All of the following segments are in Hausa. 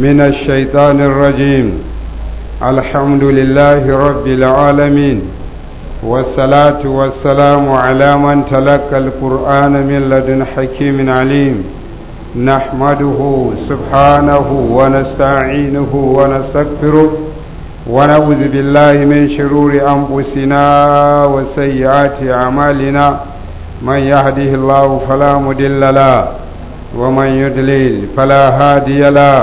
من الشيطان الرجيم الحمد لله رب العالمين والصلاة والسلام على من تلقى القرآن من لدن حكيم عليم نحمده سبحانه ونستعينه ونستغفره ونعوذ بالله من شرور أنفسنا وسيئات أعمالنا من يهده الله فلا مدل له ومن يدلل فلا هادي له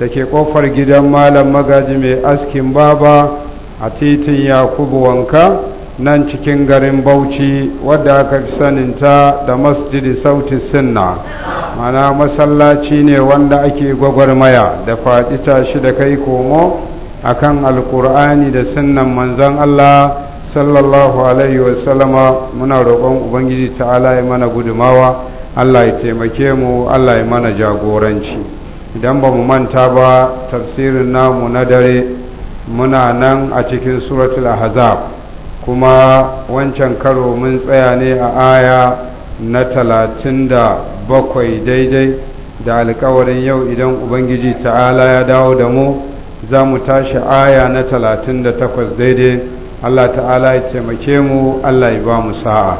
da ke kofar gidan malam magaji mai askin baba a titin yakubu wanka nan cikin garin bauchi wadda aka fi saninta da masjidi sauti sinna mana masallaci ne wanda ake gwagwarmaya da faɗi tashi da kai komo a kan Alƙur'ani da sunnan manzon allah sallallahu alaihi wasallama muna roƙon ubangiji ta'ala ya mana gudumawa allah ya taimake mu allah ya mana jagoranci idan ba mu manta ba tafsirin namu na dare muna nan a cikin suratul ahzab kuma wancan karo mun tsaya ne a aya na talatin da bakwai daidai da alkawarin yau idan ubangiji ta'ala ya dawo da mu za mu tashi aya na talatin da takwas daidai allah ta'ala ya taimake mu allah ya ba mu sa'a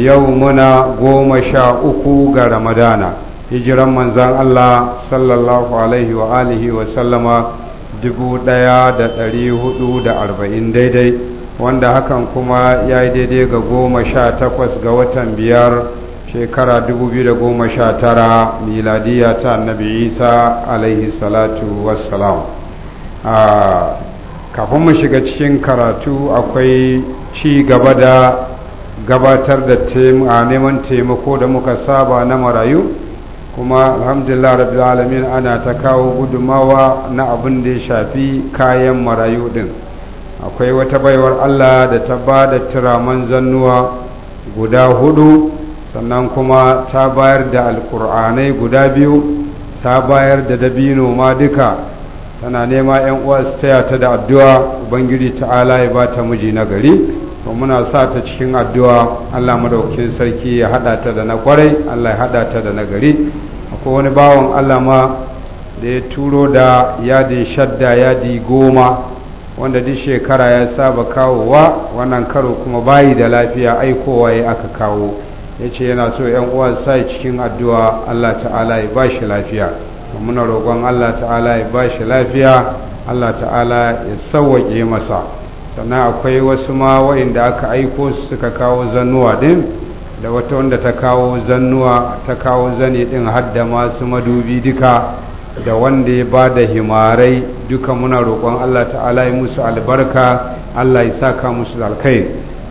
yau muna goma sha uku ga ramadana hijiran manzan Allah sallallahu alaihi wa alihi wa sallama dubu ɗaya da ɗari hudu da arba'in daidai wanda hakan kuma ya yi daidai ga goma sha takwas ga watan biyar shekara dubu biyu da goma sha tara miladiya ta annabi isa alaihi salatu wassalam kafin mu shiga cikin karatu akwai ci gaba da gabatar da neman taimako da muka saba na marayu kuma alhamdulillah rabbil alamin ana ta kawo gudumawa na abin da ya shafi kayan marayu din akwai wata baiwar Allah da ta ba da turaman zannuwa guda hudu sannan kuma ta bayar da alkur'anai guda biyu ta bayar da dabino ma duka tana nema 'yan uwa su taya ta da addu'a ubangiji ta'ala ya ba ta miji na gari to muna sa ta cikin addu'a Allah madaukakin sarki ya hada ta da na kwarai Allah ya hada ta da na gari akwai wani bawan Allah ma da ya turo da yadi shadda yadi goma wanda duk shekara ya saba kawowa wannan karo kuma bayi da lafiya aikowa ya aka kawo ya ce yana so yan uwa sa cikin addu'a Allah ta'ala ya ba shi lafiya muna roƙon Allah ta'ala ya ba shi lafiya Allah ta'ala ya sauwaƙe masa sannan akwai wasu ma waɗanda aka aiko su suka kawo zannuwa din da wata wanda ta kawo zannuwa ta kawo zane din hadda masu madubi duka da wanda ya ba da himarai duka muna roƙon Allah ta'ala ya musu albarka Allah ya saka musu alkai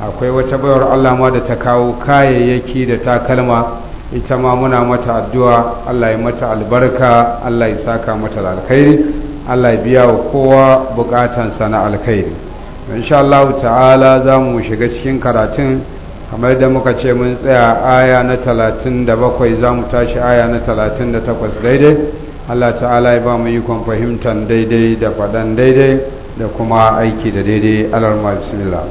akwai wata bayar Allah ma da ta kawo kayayyaki da takalma ita ma muna mata addu'a Allah ya mata albarka Allah ya saka mata alkhairi Allah ya biya wa kowa bukatansa na alkhairi insha Allah ta'ala za mu shiga cikin karatun kamar da muka ce mun tsaya aya na talatin da bakwai za mu tashi aya na talatin da takwas daidai Allah ta'ala ya ba mu ikon fahimtar daidai da faɗan daidai da kuma aiki da daidai alarma bismillah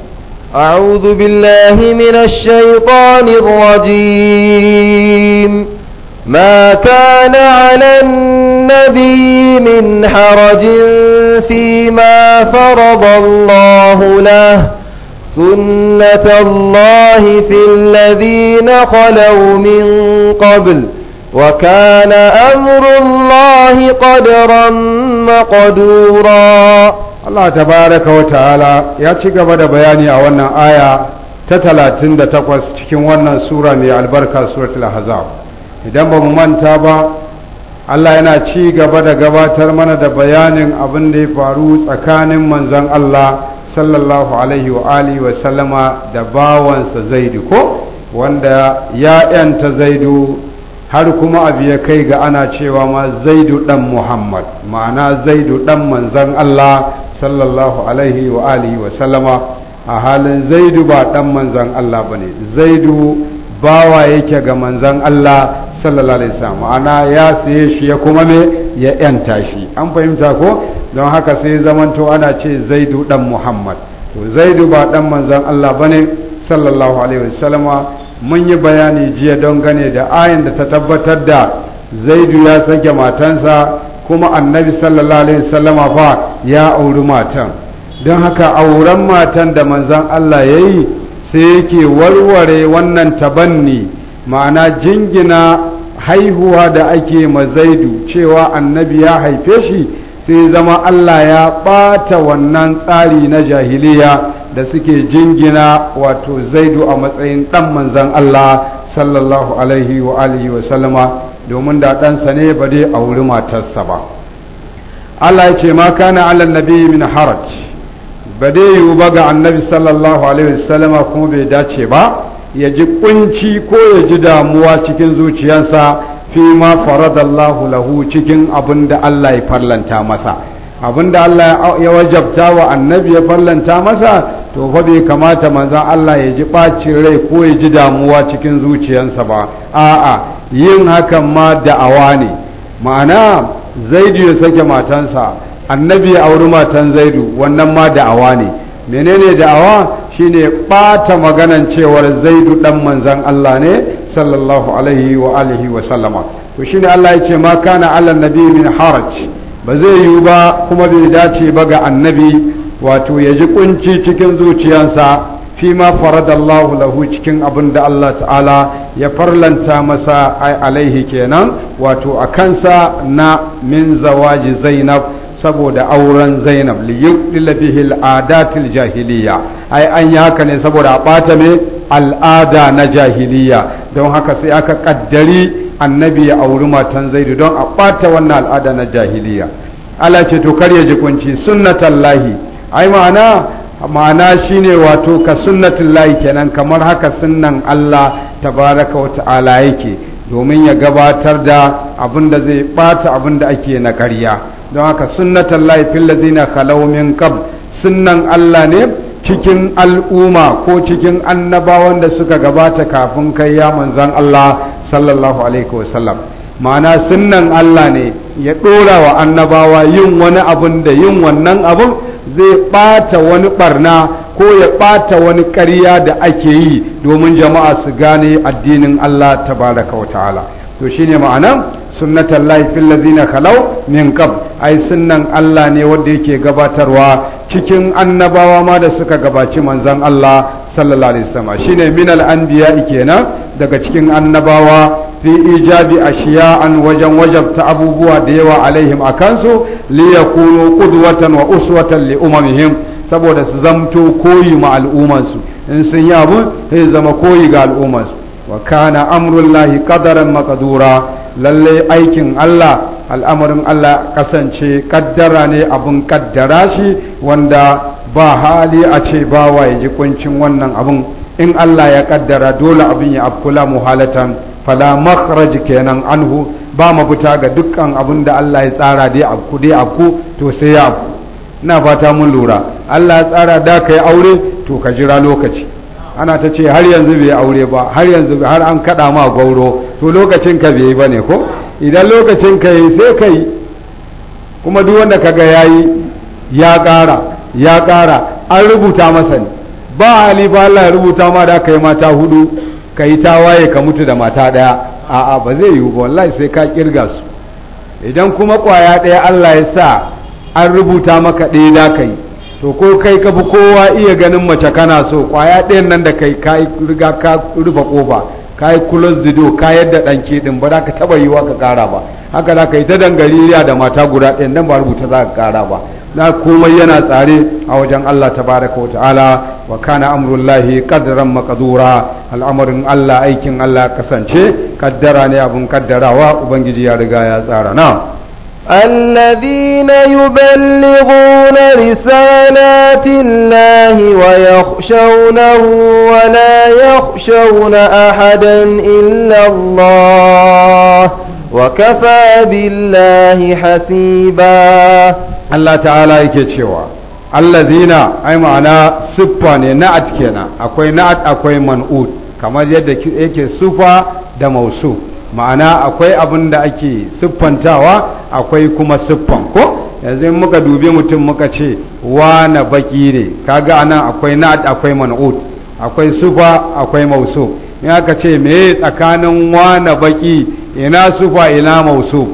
أعوذ بالله من الشيطان الرجيم ما كان على النبي من حرج فيما فرض الله له سنة الله في الذين خلوا من قبل وكان أمر الله قدرا مقدورا الله تبارك وتعالى يأتيك بدا بياني أولا آية تتلاتين دا تقوى سورة من البركة سورة الأحزاب idan ba mu manta ba Allah yana ci gaba da gabatar mana da bayanin abin da ya faru tsakanin manzan Allah sallallahu alaihi wa alihi wa sallama da bawansa zaidu ko wanda ya yanta zaidu har kuma abu ya kai ga ana cewa ma zaidu dan muhammad ma'ana zaidu dan manzan Allah sallallahu alaihi wa alihi wa sallama a halin zaidu ba dan manzan Allah bane zaidu bawa yake ga manzan Allah sallallahu alaihi wasallam ma'ana ya saye shi ya kuma me ya yanta shi an fahimta ko don haka sai zamanto ana ce zaidu dan muhammad to zaidu ba dan manzon Allah bane sallallahu alaihi wasallam mun yi bayani jiya don gane da ayin da ta tabbatar da zaidu ya sake matansa kuma annabi sallallahu alaihi wasallam fa ya auri matan don haka auren matan da manzon Allah yayi sai yake warware wannan tabanni ma'ana jingina haihuwa da ake mazaidu cewa annabi ya haife shi sai zama Allah ya ɓata wannan tsari na jahiliya da suke jingina wato zaidu a matsayin ɗan manzan Allah sallallahu alaihi wa alihi wa sallama domin da ɗansa ne ba dai a wuri matarsa ba Allah ya ce ma kana ala nabi min haraj ba dai yiwu ba ga annabi sallallahu alaihi wa sallama kuma bai dace ba ya ji kunci ko ya ji damuwa cikin zuciyarsa fi ma faradallahu lahu cikin abin da Allah ya farlanta masa abin da Allah ya wajabta wa annabi ya farlanta masa to fa bai kamata manzon Allah ya ji ɓacin rai ko ya ji damuwa cikin zuciyarsa ba a'a yin hakan ma da'awa ne ma'ana zaidu ya sake matansa annabi ya auri matan zaidu wannan ma da'awa ne menene da'awa shine ɓata maganan cewar zaidu ɗan manzan Allah ne sallallahu alaihi wa alihi wa sallama to shine Allah ya ce ma kana ala nabi min haraj ba zai yiwu ba kuma bai dace ba ga annabi wato ya ji kunci cikin zuciyansa fi ma faradallahu lahu cikin abin da Allah ta'ala ya farlanta masa ai alaihi kenan wato a kansa na min zawaji zainab saboda auren zainab li yudilla fihi al'adatil jahiliya ai an yi haka ne saboda a bata me al'ada na jahiliya don haka sai aka kaddari annabi ya auri matan zaidu don a bata wannan al'ada na jahiliya ala ce to kar ya ji kunci sunnatallahi ai ma'ana ma'ana shine wato ka sunnatullahi kenan kamar haka sunnan Allah tabaraka wa ta'ala yake domin ya gabatar da abin da zai bata abin da ake na ƙarya don haka sunnatan laifin lazina khalau min qab sunnan Allah ne cikin al'umma ko cikin annabawan da suka gabata kafin kai ya manzan Allah sallallahu alaihi wasallam ma'ana sunnan Allah ne ya ɗora wa annabawa yin wani abun da yin wannan abun zai ɓata wani ɓarna ko ya ɓata wani ƙarya da ake yi domin jama'a su gane addinin Allah tabaraka wa ta'ala to shine ma'anan sunnatan laifin lazina kalau min qab ai sunnan Allah ne wanda yake gabatarwa cikin annabawa ma da suka gabaci manzon Allah sallallahu alaihi wasallam shine minal anbiya kenan daga cikin annabawa fi ijabi ashiya'an wajen wajabta abubuwa da yawa alaihim akansu li yakunu qudwatan wa uswatan li umamihim saboda su zamto koyi ma su in sun yi abu sai zama koyi ga su wa kana amrullahi qadaran maqdura lalle aikin Allah al'amarin Allah kasance kaddara ne abin kaddara shi wanda ba hali a ce ba wa ya ji kuncin wannan abin in Allah ya kaddara dole abin ya afkula muhalatan fala makhraj kenan anhu ba mafita ga dukkan abin da Allah ya tsara dai abku dai abku to sai ya na ina fata mun lura Allah ya tsara da kai aure to ka jira lokaci ana ta ce har yanzu bai aure ba har yanzu har an kada ma gauro to lokacin ka bai ba ne ko idan lokacin ka yi sai ka yi kuma duk wanda kaga ya yi ya ƙara ya ƙara an rubuta masa ne ba hali ba Allah ya rubuta ma da ka yi mata hudu ka yi ta waye ka mutu da mata ɗaya a'a ba zai yiwu ba wallahi sai ka kirga su idan kuma kwaya ɗaya Allah ya sa an rubuta maka ɗaya da ka yi to ko kai ka fi kowa iya ganin mace kana so kwaya ɗayan nan da kai ka riga ka rufe kofa ka yi kulon zido ka yadda ɗanke ɗin ba za ka taɓa wa ka ƙara ba haka za ka yi ta riya da mata guda ɗin nan ba rubuta za ka ƙara ba na komai yana tsare a wajen Allah tabaraka wa ta'ala wa kana amrullahi qadran maqdura al'amarin Allah aikin Allah kasance kaddara ne abun kaddarawa ubangiji ya riga ya tsara na الذين يبلغون رسالات الله ويخشونه ولا يخشون أحدا إلا الله وكفى بالله حسيبا الله تعالى يكتشوا الذين أي معنى سبحانه نعت كنا أكوي نعت أكوي منعود كما يدك يكي سفا دموسوف ma'ana akwai abin da ake siffantawa akwai kuma siffan ko yanzu muka dubi mutum muka ce na baki ne kaga anan akwai na akwai man'ut akwai sufa akwai mausu in aka ce me tsakanin na baki ina sufa ina mausu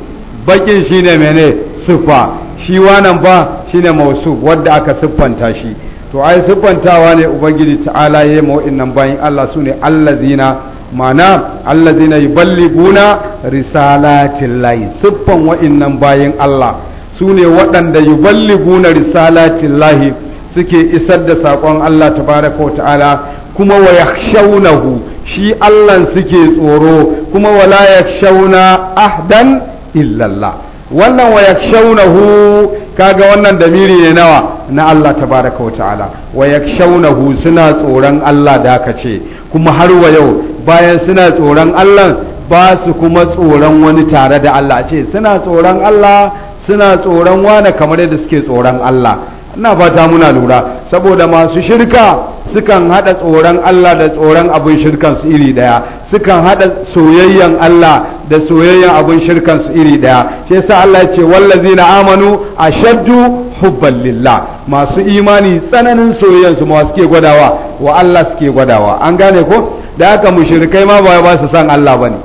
bakin shine mene sufa shi wanan ba shine mausu wadda aka siffanta shi to ai siffantawa ne ubangiji ta'ala yi ma'in nan bayin Allah sune allazina mana allazina yuballiguna risalatin lahi siffan wa'innan bayin Allah su ne waɗanda yuballiguna risalatin lahi suke isar da saƙon Allah tabaraka wa ta'ala kuma wa yakhshawnahu shi Allah suke tsoro kuma wala yakhshawna ahdan illallah wannan wa yakhshawnahu kaga wannan damiri ne nawa na Allah tabaraka wa ta'ala wa suna tsoron Allah da aka ce kuma har wa yau bayan suna tsoron Allah ba su kuma tsoron wani tare da Allah ce suna tsoron Allah suna tsoron wane kamar yadda suke tsoron Allah ina fata muna lura saboda masu shirka sukan hada tsoron Allah da tsoron abin shirkan su iri daya sukan hada soyayyan Allah da soyayyan abin shirkan su iri daya shi yasa Allah ya ce wallazina amanu ashaddu hubban lillah masu imani tsananin su ma suke gwadawa wa Allah suke gwadawa an gane ko da haka mushrikai ma ba ba su san Allah bane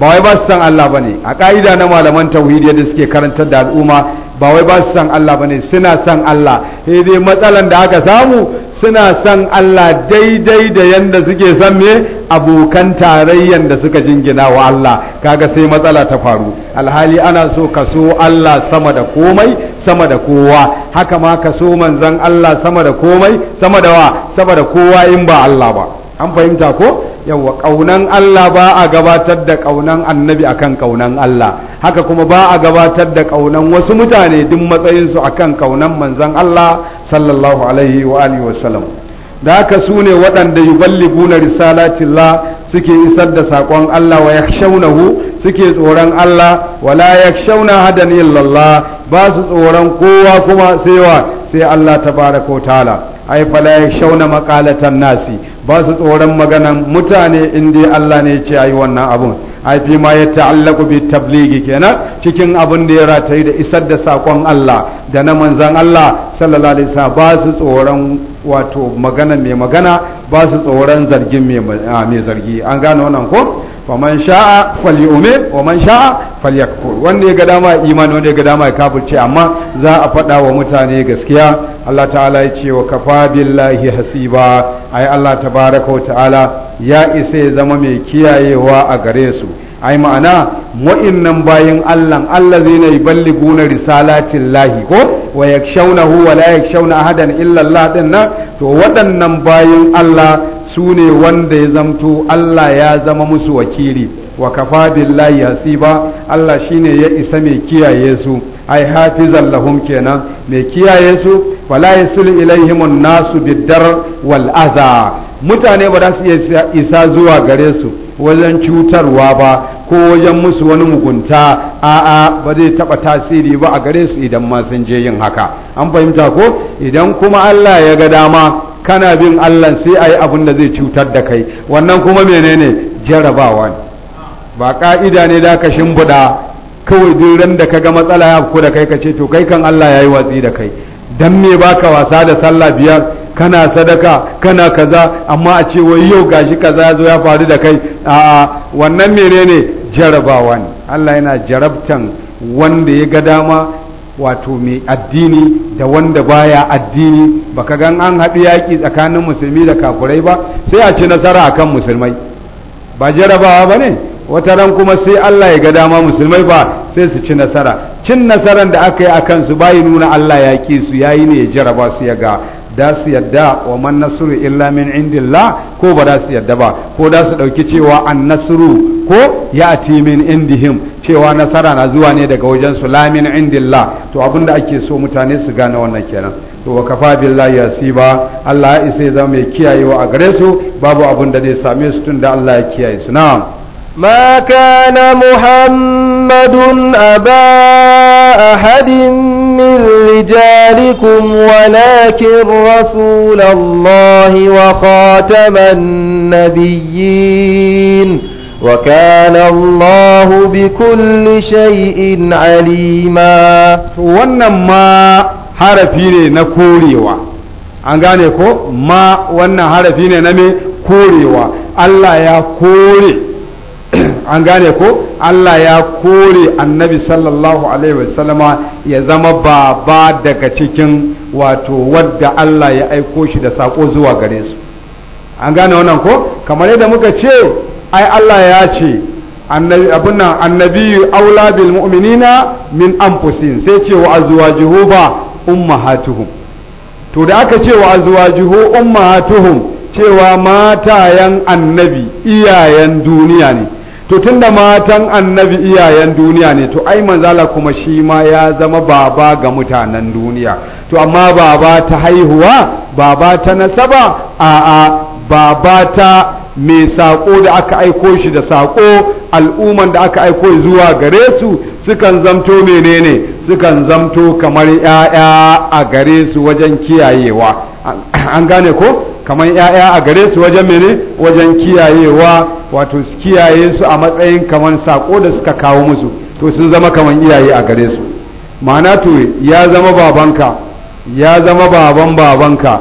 ba wai ba su san Allah bane a ka'ida na malaman tauhidi da suke karantar da al'umma ba wai ba su san Allah bane suna san Allah sai dai matsalan da aka samu suna san Allah daidai da yanda suke san me abokan tarayyan da suka jingina wa Allah kaga sai matsala ta faru alhali ana so ka so Allah sama da komai sama da kowa haka ma kaso so manzon Allah sama da komai sama da wa sama da kowa in ba Allah ba an fahimta ko yawa kaunan Allah ba a gabatar da ƙaunan annabi akan kaunan Allah haka kuma ba a gabatar da ƙaunan wasu mutane duk matsayin su akan ƙaunan manzon Allah sallallahu alaihi wa alihi wa sallam da haka su ne waɗanda yuballiguna risalatillah suke isar da sakon Allah wa yakhshawnahu suke tsoron Allah wala yakhshawna hadan illallah ba su tsoron kowa kuma sai wa sai Allah tabaraka ta'ala ai fala yakhshawna maqalatan nasi ba su tsoron maganan mutane in Allah ne ce ayi wannan abun ai fi ma ya ta'allaku bi tabligi kenan cikin abin da ya ratayi da isar da sakon Allah da na manzan Allah sallallahu alaihi wasallam ba su tsoron wato magana mai magana ba su tsoron zargin mai ah, zargi an gane wannan ko faman sha'a falyu'min wa man sha'a falyakfur wanda ya ga dama imani wanda ya ga dama ya kafirce amma za a faɗa wa mutane gaskiya Allah ta'ala ya ce wa kafa billahi hasiba ai Allah tabaraka wa ta'ala ya isa ya zama mai kiyayewa a gare su ai ma'ana wa'innan bayin Allah Allah zai na yuballiguna risalatin lahi ko wa yakshawnahu wa la yakshawna ahadan illa Allah dinnan to waɗannan bayin Allah su ne wanda ya zamto Allah ya zama musu wakili wa kafa billahi hasiba Allah shine ya isa mai kiyaye su ai hafizan lahum kenan mai kiyaye su fala yasul ilaihimun nasu biddar wal aza mutane ba za su iya isa zuwa gare su wajen cutarwa ba ko wajen musu wani mugunta a'a ba zai taba tasiri ba a gare su idan ma sun je yin haka an fahimta ko idan kuma Allah ya ga dama kana bin Allah sai a yi abin da zai cutar da kai wannan kuma menene jarabawa ne ba ka'ida ne da ka shimbiɗa kawai duran da ka ga matsala ya da kai ka ce to kai kan Allah ya yi watsi da kai dan me baka wasa da sallah biyar kana sadaka kana kaza amma a ce wai yau gashi kaza ya zo ya faru da kai a'a wannan menene jarabawa ne Allah yana jarabtan wanda ya ga dama wato mai addini da wanda baya addini baka gan an haɗu yaƙi tsakanin musulmi da kafurai ba sai a ci nasara akan musulmai ba jarabawa ba ne wata ran kuma sai Allah ya ga dama musulmai ba sai su ci nasara cin nasaran da aka yi a kansu bayi nuna Allah ya ƙi su yayi ne ya jaraba su ya ga da su yadda wa man nasru illa min indillah ko ba da su yadda ba ko da su dauki cewa an nasru ko ya'ti min indihim cewa nasara na zuwa ne daga wajen su la min indillah to abinda ake so mutane su gane wannan kenan to wa kafa billahi yasiba Allah ya isa zama mai kiyayewa a gare su babu abin da zai same su tunda Allah ya kiyaye su na'am ma kana muhammadun aba ahadin من رجالكم ولكن رسول الله وخاتم النبيين وكان الله بكل شيء عليما wannan ma harafi ne na korewa an gane ko ma wannan harafi ne na me korewa Allah ya kore an gane ko Allah ya kore annabi sallallahu alaihi wasallama ya zama baba daga cikin wato wadda Allah ya aiko shi da sako zuwa gare su an gane wannan ko kamar yadda muka ce ai Allah ya ce abin nan annabi aula bil mu'minina min anfusin sai ce wa azwajuhu ba ummahatuhum to da aka ce wa azwajuhu ummahatuhum cewa matayen annabi iyayen duniya ne to tunda matan annabi iyayen duniya ne to ai manzala kuma shi ma ya zama baba ga mutanen duniya to amma baba ta haihuwa baba ta nasaba a'a baba ta mai saƙo da aka aiko shi da saƙo al'umman da aka aiko zuwa gare su sukan zamto menene sukan zamto kamar 'ya'ya a gare su wajen kiyayewa an gane ko kamar ‘ya'ya a gare su wajen mene wajen kiyayewa wato su kiyaye su a matsayin kamar sako da suka kawo musu to sun zama kamar iyaye a gare su ma'ana to ya zama babanka ya zama baban babanka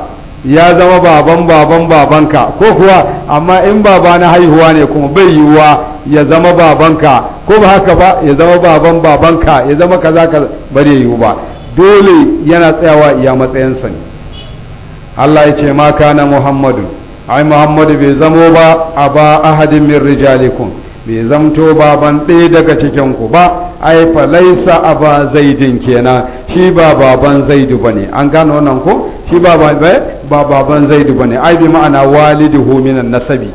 ya zama baban baban babanka ko kuwa amma in baba na haihuwa ne kuma bai yiwuwa ya zama babanka ko ba haka ba ya zama baban babanka ya zama kaza kaza bare yiwu ba dole yana tsayawa iya matsayinsa ne Allah ya ce ma kana Muhammadu ai Muhammadu bai zamo ba a ba ahadin min rijalikum bai zamto baban ɗaya daga cikin ku ba ai fa laisa aba zaidin kenan shi ba baban zaidu bane an gano wannan ko shi ba ba eh, baban zaidu bane ai bi ma'ana waliduhu minan nasabi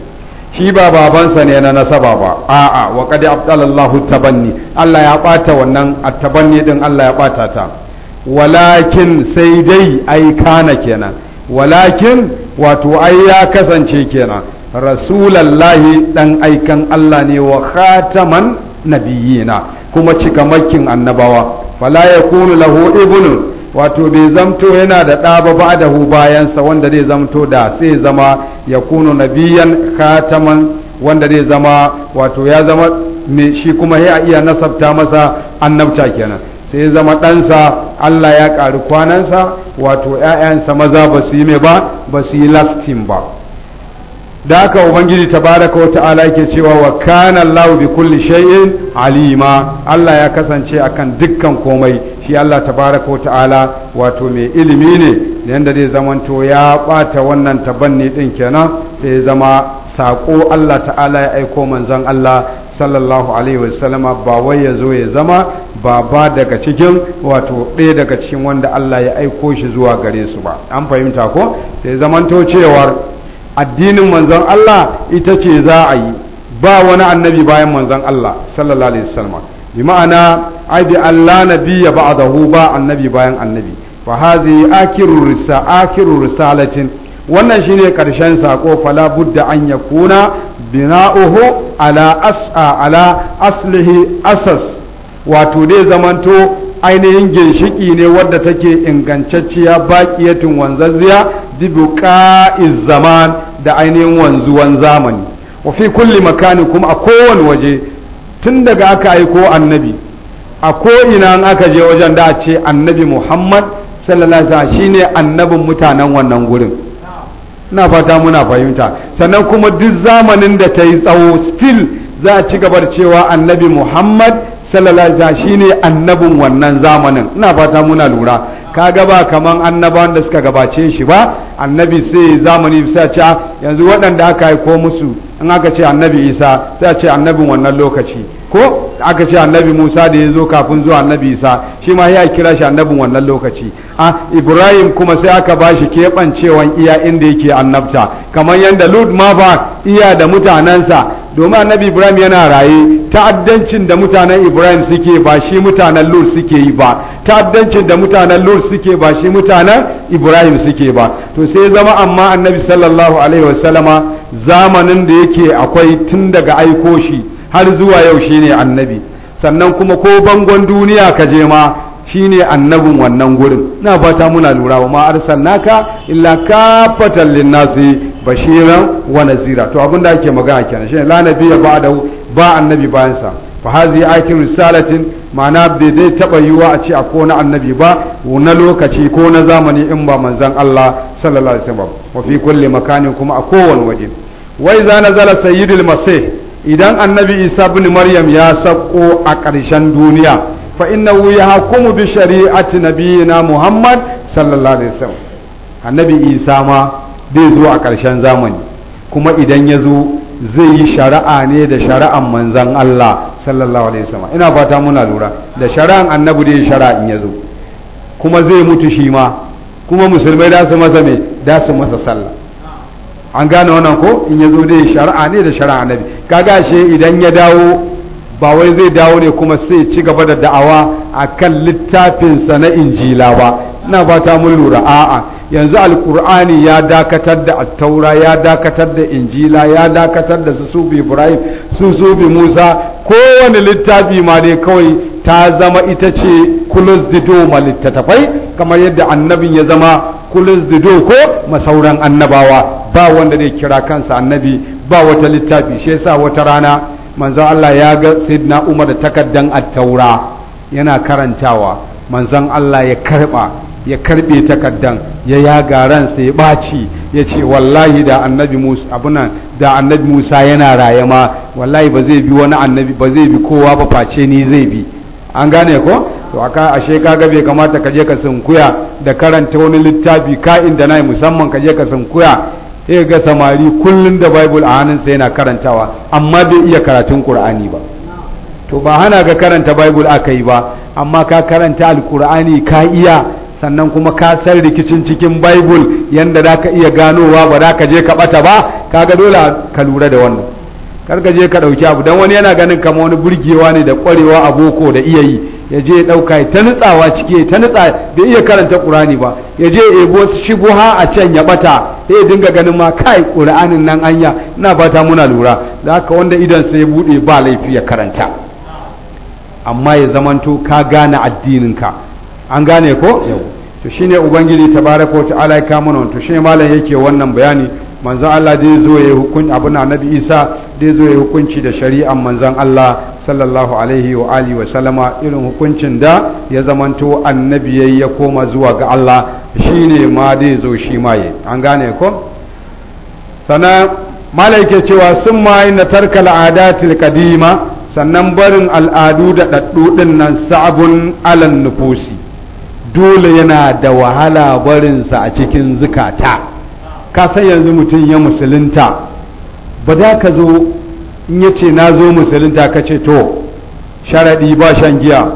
shi ba babansa ne na nasaba ba a'a wa qad abdalallahu tabanni Allah ya bata wannan at-tabanni din Allah ya bata ta walakin sai dai ai kana kenan walakin wato ai ya kasance kenan rasulallahi dan aikan Allah ne wa khataman nabiyina kuma cikamakin annabawa fala yakunu lahu ibnun wato bai zamto yana da ɗa ba ba da hu bayansa wanda zai zamto da sai zama ya kunu nabiyan khataman wanda zai zama wato ya zama shi kuma ya iya nasabta masa annabta kenan sai zama ɗansa Allah ya ƙari kwanansa wato ‘ya'yansa maza ba su yi mai ba ba su yi lastin ba da haka ubangiji tabaraka wa ta'ala yake cewa wa kana Allahu bi kulli shay'in alima Allah ya kasance akan dukkan komai shi Allah tabaraka wa ta'ala wato mai ilimi ne da yanda zai zamanto ya bata wannan tabanni ɗin kenan sai zama saƙo Allah ta'ala ya aiko manzon Allah sallallahu alaihi wasallama ba wai ya zo ya zama baba daga cikin wato ɗaya daga cikin wanda Allah ya aiko shi zuwa gare su ba an fahimta ko sai zamanto cewar addinin manzon Allah ita ce za a yi ba wani annabi bayan manzon Allah sallallahu alaihi wasallama bi ma'ana ai bi Allah nabiyya ba'dahu ba annabi bayan annabi fa hadhihi akhiru risa akhiru risalatin wannan shine karshen sako fala budda an yakuna bina'uhu ala as'a ala aslihi asas wato dai zamanto ainihin ginshiki ne wadda take ingantacciya baƙiyatin wanzazziya dibuqa'iz zaman da ainihin wanzuwan zamani wa fi kulli makani kuma a kowane waje tun daga aka aiko annabi a ko'ina in aka je wajen da ce annabi muhammad sallallahu alaihi wasallam shine annabin mutanen wannan gurin ina fata muna fahimta sannan kuma duk zamanin da ta yi tsawo still za a ci gaba da cewa annabi muhammad sallallahu shine annabin wannan zamanin ina fata muna lura ka gaba kaman annabawan da suka gabace shi ba annabi sai zamani sai ce ah, yanzu waɗanda aka ko musu in aka ce annabi isa sai a ce annabin wannan lokaci ko aka ce annabi Musa da ya zo kafin zuwa annabi Isa shi ma ya kira shi annabin wannan lokaci a Ibrahim kuma sai aka ba shi keɓancewan iya inda yake annabta kamar yadda lud ma ba iya da mutanensa domin annabi Ibrahim yana raye ta'addancin da mutanen Ibrahim suke ba shi mutanen Lut suke yi ba ta'addancin da mutanen Lut suke ba shi mutanen Ibrahim suke ba to sai zama amma annabi sallallahu alaihi wasallama zamanin da yake akwai tun daga aiko shi har zuwa yau shine annabi sannan kuma ko bangon duniya ka je ma shine annabin wannan gurin na fata muna lura wa ma arsalnaka illa kafatan linnasi bashiran wa nazira to abin da ake magana kenan shine la nabiyya ba'dahu ba annabi bayan sa fa hadhihi ayatin risalatin ma'ana bai zai taba yiwa a ce a ko na annabi ba na lokaci ko na zamani in ba manzon Allah sallallahu alaihi wasallam wa fi kulli makanin kuma a kowane waje wai za zala sayyidul masih idan annabi isa bin maryam ya sako a ƙarshen duniya fa inna ya hakumu bi shari'ati nabiyina muhammad sallallahu alaihi wasallam annabi isa ma zai zo a ƙarshen zamani kuma idan ya zo zai yi shari'a ne da shari'an manzan Allah sallallahu alaihi wasallam ina fata muna lura da shari'an annabi da shari'an ya zo kuma zai mutu shi ma kuma musulmai da su masa me da su masa sallah an gane wannan ko in ya zo dai shari'a ne da shari'a nabi kaga shi idan ya dawo ba wai zai dawo ne kuma sai ci gaba da da'awa a kan littafinsa na injila ba ina ba ta mun lura a'a yanzu alkur'ani ya dakatar da attaura ya dakatar da injila ya dakatar da su ibrahim su subi musa kowane littafi ma dai kawai ta zama ita ce kulus dido ma littattafai kamar yadda annabin ya zama kulun zido ko masauran annabawa ba wanda zai kira kansa annabi ba wata littafi shi yasa wata rana manzon Allah ya ga sidna Umar da takaddan at-taura yana karantawa manzon Allah ya karba ya karbe takaddan ya yaga ransa ya baci ya ce wallahi da annabi Musa abunan da annabi Musa yana rayama ma wallahi ba zai bi wani annabi ba zai bi kowa ba face ni zai bi an gane ko to aka ashe kaga bai kamata ka je ka sunkuya da karanta wani littafi ka na nayi musamman ka je ka sunkuya sai ga samari kullum da bible a hannun sa yana karantawa amma bai iya karatun qur'ani ba to ba hana ga karanta bible aka yi ba amma ka karanta alqur'ani ka iya sannan kuma ka san rikicin cikin bible yanda zaka iya ganowa ba zaka je ka bata ba kaga dole ka lura da wannan kar ka je ka ɗauki abu dan wani yana ganin kamar wani burgewa ne da ƙwarewa a boko da iya yi ya je ya ɗauka ya ta nutsawa ciki ya ta nutsa bai iya karanta ƙur'ani ba ya je ya ebo shubuha a can ya bata ya dinga ganin ma kai ƙur'anin nan anya ina fata muna lura da haka wanda idan sai ya buɗe ba laifi ya karanta amma ya zamanto ka gane addininka an gane ko yau to shine ubangiji tabaraka wa ta'ala ya kama nan to shine malam yake wannan bayani manzon Allah dai zo ya hukunci abin annabi Isa dai zo ya hukunci da shari'an manzon Allah sallallahu alaihi wa alihi wa sallama irin hukuncin da ya zamanto annabi yayi ya koma zuwa ga Allah shine ma dai zo shi ma yayi an gane ko sana malaike cewa sun ma inna tarkal adatil qadima sannan barin al'adu da daddu din nan sabun alan nufusi dole yana da wahala barin sa a cikin zukata ka san yanzu mutum ya musulunta ba za ka zo in ya ce na zo musulunta ka ce to sharaɗi ba shan giya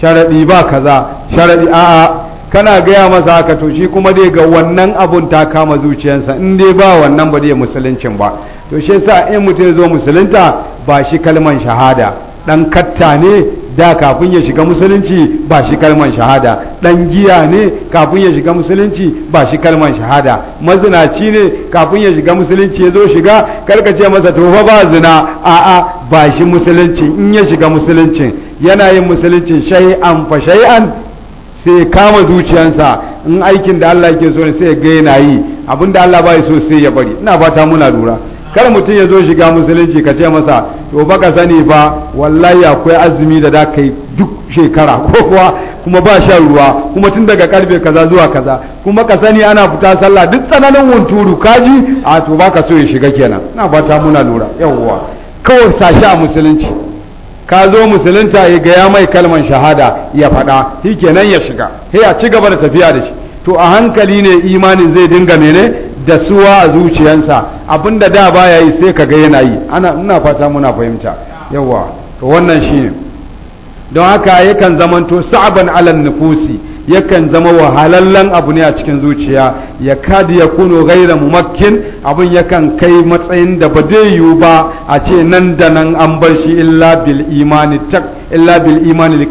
sharaɗi ba kaza sharaɗi a'a kana gaya masa haka to shi kuma dai ga wannan abun ta kama zuciyarsa in dai ba wannan ba dai musuluncin ba to shi sa in mutum ya zo musulunta ba shi kalman shahada ɗan katta ne da kafin ya shiga musulunci ba shi kalman shahada dan giya ne kafin ya shiga musulunci ba shi kalman shahada mazinaci ne kafin ya shiga musulunci ya zo shiga ce masa tofa ba zina a'a ba shi musulunci in ya shiga musulunci yana yin musulunci shay'an fa shay'an sai kama zuciyansa in aikin da Allah yake so ne sai ya ga yana yi abinda Allah ba ya so sai ya bari ina fata muna lura kar mutum ya zo shiga musulunci ka ce masa to baka sani ba wallahi akwai azumi da da kai duk shekara ko kuwa kuma ba shan ruwa kuma tun daga karfe kaza zuwa kaza kuma ka sani ana fita sallah duk tsananin wunturu kaji a to baka so ya shiga kenan na fata muna lura yawwa kawai sashi a musulunci ka zo musulunta ya gaya mai kalman shahada ya faɗa shi kenan ya shiga sai a ci gaba da tafiya da shi to a hankali ne imanin zai dinga mene da suwa a zuciyansa abinda da baya yi sai kaga yana yi ana ina fata muna fahimta yawa to wannan shine don haka yakan zamanto saban alan nufusi yakan zama wahalallen abu ne a cikin zuciya ya kadi ya kuno gaira mumakkin abin yakan kai matsayin da ba zai yiwu ba a ce nan da nan an bar shi illa bil imani tak illa bil imani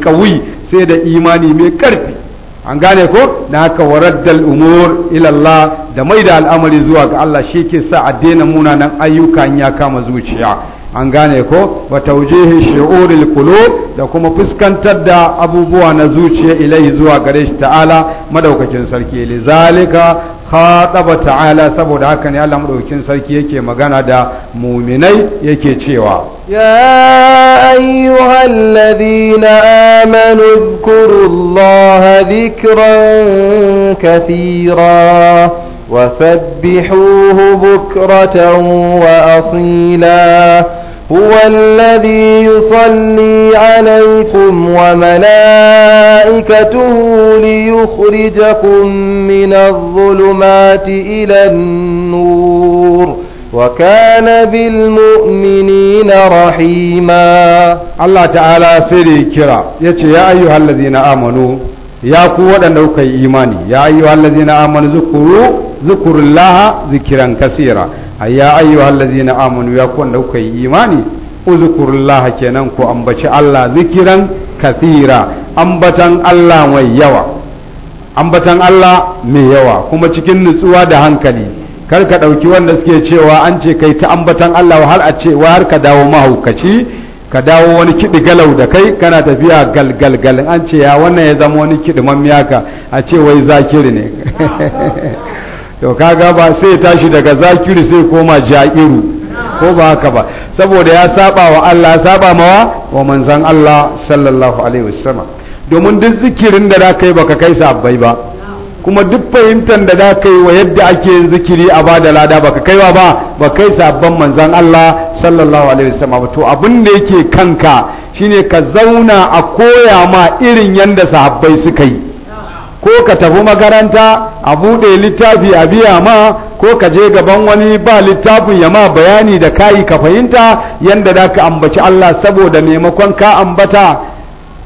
sai da imani mai karfi an gane ko na haka waraddal umur ilallah da mai da al'amari zuwa ga Allah shi ke sa a daina munanan ayyukan ya kama zuciya an gane ko ba taujihi shi'uril qulub da kuma fuskantar da abubuwa na zuciya ilai zuwa gare shi ta'ala madaukakin sarki lizalika خاطب تعالى سبود هكذا يا الله مروكين سيكي يكي مغانا دا مؤمني يكي تشيوا يا أيها الذين آمنوا اذكروا الله ذكرا كثيرا وسبحوه بكرة وأصيلا هو الذي يصلي عليكم وملائكته ليخرجكم من الظلمات إلى النور وكان بالمؤمنين رحيما الله تعالى سيري كرا يا أيها الذين آمنوا يا قوة أنك إيماني يا أيها الذين آمنوا ذكروا ذكر الله ذكرا كثيرا ayya ayyuhal ladzina amanu ya ku wanda kuka yi imani uzkurullah kenan ku ambaci Allah zikiran kathira ambatan Allah mai yawa ambatan Allah mai yawa kuma cikin nutsuwa da hankali kar ka ɗauki wanda suke cewa an ce kai ta ambatan Allah har a ce har ka dawo mahaukaci ka dawo wani kiɗi galau da kai kana tafiya gal gal gal an ce ya wannan ya zama wani kiɗi mamiyaka a ce wai zakiri ne to kaga ba sai tashi daga zakiru sai koma ja'iru ko ba haka ba saboda ya saba wa Allah ya saba mawa wa manzan Allah sallallahu alaihi wasallam domin duk zikirin da za ka yi baka kai sabbai ba kuma duk fahimtar da za ka yi wa yadda ake yin zikiri a ba da lada baka kaiwa ba ba kai sabban manzan Allah sallallahu alaihi wasallam ba to abin da yake kanka shine ka zauna a koya ma irin yanda sahabbai suka yi ko ka tafi makaranta a buɗe littafi a biya ma ko ka je gaban wani ba littafin ya ma bayani da kayi ka fahimta yadda za ka ambaci Allah saboda maimakon ka ambata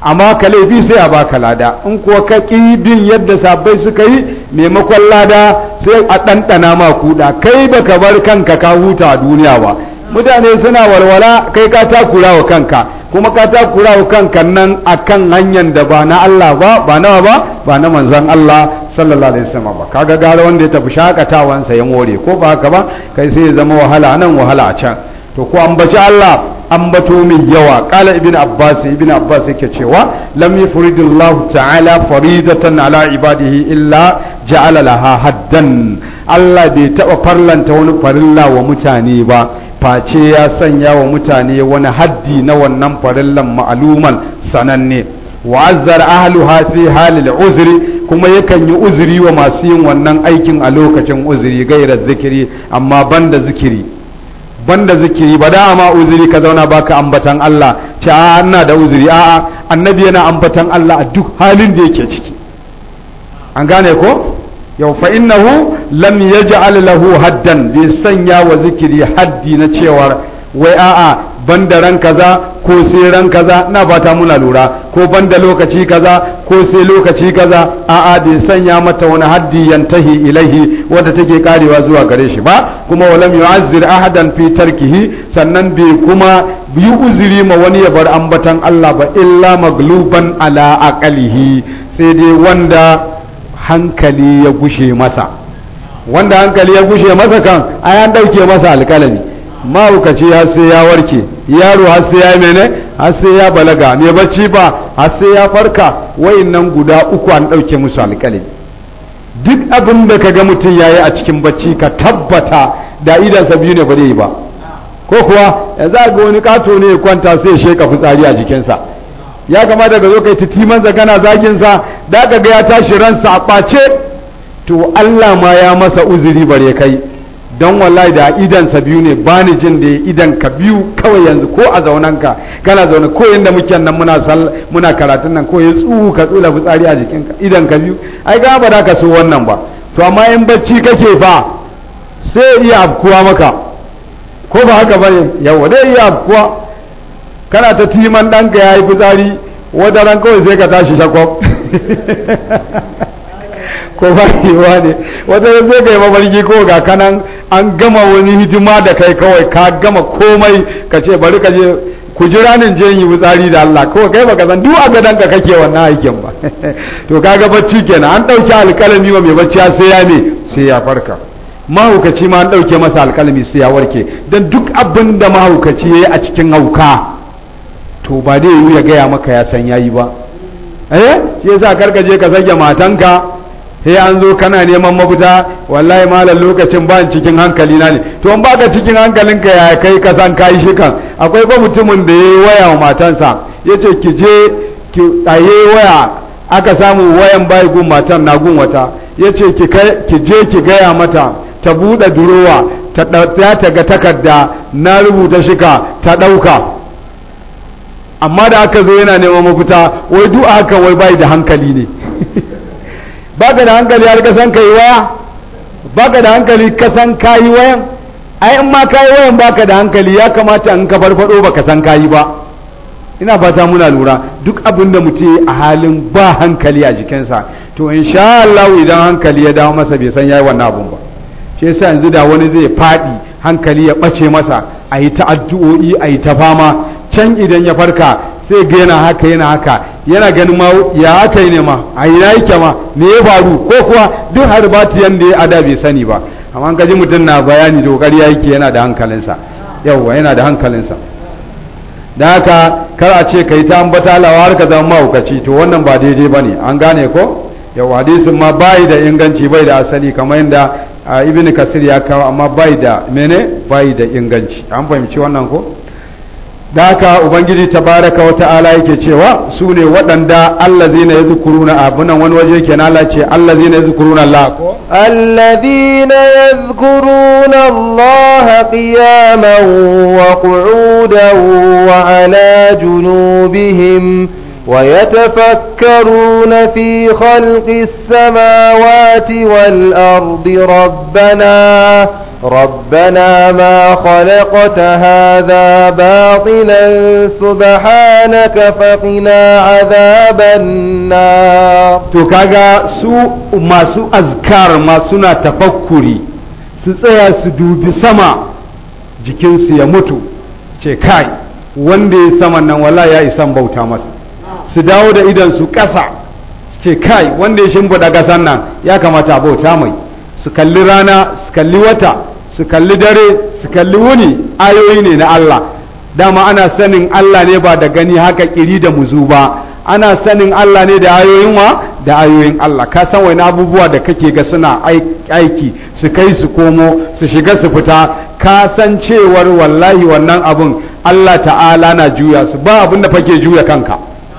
amma ka laifi sai a baka lada in kuwa ka ƙi bin yadda sabbai suka yi maimakon lada sai a ɗanɗana ma kuɗa kai ka bar kanka ka huta a duniya ba mutane suna walwala kai ka takura wa kanka kuma ka takura wa kanka nan akan hanyar da ba na Allah ba ba nawa ba ba na manzon Allah sallallahu alaihi wasallam ba kaga gara wanda ya tafi shakatawansa ya more ko ba haka ba kai sai ya zama wahala nan wahala a can to ko ambaci Allah bato mai yawa qala ibn abbas ibn abbas yake cewa lam yuridullahu ta'ala faridatan ala ibadihi illa ja'ala laha haddan Allah bai taba farlanta wani farilla wa mutane ba face ya sanya wa mutane wani haddi na wannan farillan ma'aluman sananne azzar ahluha hafi halil uzri kuma yakan yi uzuri wa masu yin wannan aikin a lokacin uzuri gaira zikiri amma banda zikiri banda zikiri ba dama uzuri ka zauna baka ambatan Allah ce a ina da uzuri a'a annabi yana ambatan Allah a duk halin da yake ciki an gane ko yau fa innahu lam yaj'al lahu haddan bai sanya wa zikiri haddi na cewar wai a'a banda ran kaza ko sai ran kaza na bata muna lura ko banda lokaci kaza ko sai lokaci kaza a'a bai sanya mata wani haddi yantahi ilaihi wanda take karewa zuwa gare shi ba kuma wa lam yu'azzir ahadan fi tarkihi sannan bai kuma yi uzuri ma wani ya bar ambatan Allah ba illa magluban ala aqalihi sai dai wanda hankali ya gushe masa wanda hankali ya gushe masa kan a ya ɗauke masa alƙalami mahaukaci har sai ya warke yaro har sai ya mene har sai ya balaga mai bacci ba har sai ya farka nan guda uku an ɗauke musu alƙalami duk abin da ka ga mutum ya yi a cikin bacci ka tabbata da idansa biyu ne ba zai yi ba ko kuwa za a ga wani kato ne ya kwanta sai ya sheka fitsari a jikinsa ya kamata ka zo kai titiman kana zaginsa da ka ga ya tashi ransa a ɓace to Allah ma ya masa uzuri bare kai don wallahi da sa biyu ne ba ni jin da idan ka biyu kawai yanzu ko a zaunanka kana zaune ko inda muke nan muna muna karatun nan ko ya tsuhu ka tsula fitsari a jikinka idan ka biyu ai ga ba ka so wannan ba to amma in bacci kake ba sai iya afkuwa maka ko ba haka bane yawa dai iya afkuwa kana ta timan ɗanka ya yi fitsari wata ran kawai sai ka tashi shakwab ko ba farewa ne wata da zai kai mafarki ko ga kanan an gama wani hidima da kai kawai ka gama komai ka ce bari ka je ku ji ranin je yi wutsari da Allah ko kai baka san duk a gadon ka kake wannan aikin ba to kaga bacci kenan an dauki alkalami wa mai bacci sai ya ne sai ya farka mahaukaci ma an dauke masa alkalami sai ya warke dan duk abin da mahaukaci yayi a cikin hauka to ba dai ya gaya maka ya san yayi ba eh shi yasa karka je ka sake matanka sai an zo kana neman mafita wallahi malam lokacin ban cikin hankali na ne to in ka cikin hankalinka ya kai ka san kai shi kan akwai ba mutumin da ya waya wa matansa ya ce ki je ki tsaye waya aka samu wayan bai gun matan na gun wata ya ce ki je ki gaya mata ta buɗe durowa ta ta ga takarda na rubuta shika ta ɗauka amma da aka zo yana neman mafita wai duk hakan wai bai da hankali ne baka da hankali har kasan kai waya baka da hankali kasan kayi wayan ai in ma kayi wayan baka da hankali ya kamata in ka farfado baka san kayi ba ina fata muna lura duk abin da mutum a halin ba hankali a jikinsa to insha Allah idan hankali ya dawo masa bai san yayi wannan abun ba shi yasa yanzu da wani zai faɗi hankali ya bace masa a yi ta addu'o'i a yi ta fama can idan ya farka sai ga yana haka yana haka yana ganin ma ya haka ne ma a ina yake ma me ya faru ko kuwa duk har ba ta yanda ya ada bai sani ba amma an gaji mutum na bayani da kokari yake yana da hankalinsa yawwa yana da hankalinsa da haka kar a ce ka yi ta ambata har ka zama mahaukaci to wannan ba daidai ba ne an gane ko yawwa hadisin ma bai da inganci bai da asali kamar yadda ibn kasir ya kawo amma bai da mene bai da inganci an fahimci wannan ko da haka ubangiji tabaraka wa ta'ala yake cewa su ne waɗanda allazina yadhkuruna abunan wani waje kenan Allah ce allazina yadhkuruna Allah ko allazina yadhkuruna Allah qiyaman wa qu'udan wa ala junubihim ويتفكرون في خلق wal والأرض ربنا ربنا ما خلقت هذا باطلا سبحانك فقنا عذاب النار to kaga su masu askar ma suna tafakkuri su tsaya su dubi sama jikinsu ya mutu ce wanda ya sama nan wala ya isan bauta masa su dawo da idan su ƙasa ce kai wanda ya shimfiɗa ƙasan nan ya kamata bauta mai su kalli rana su kalli wata su kalli dare su kalli wuni ayoyi ne na Allah dama ana sanin Allah ne ba da gani haka kiri da muzu ba ana sanin Allah ne da ayoyin wa da ayoyin Allah ka san wani abubuwa da kake ga suna aiki su kai su komo su shiga su fita ka san cewar wallahi wannan abun Allah ta'ala na juya su ba abin da fake juya kanka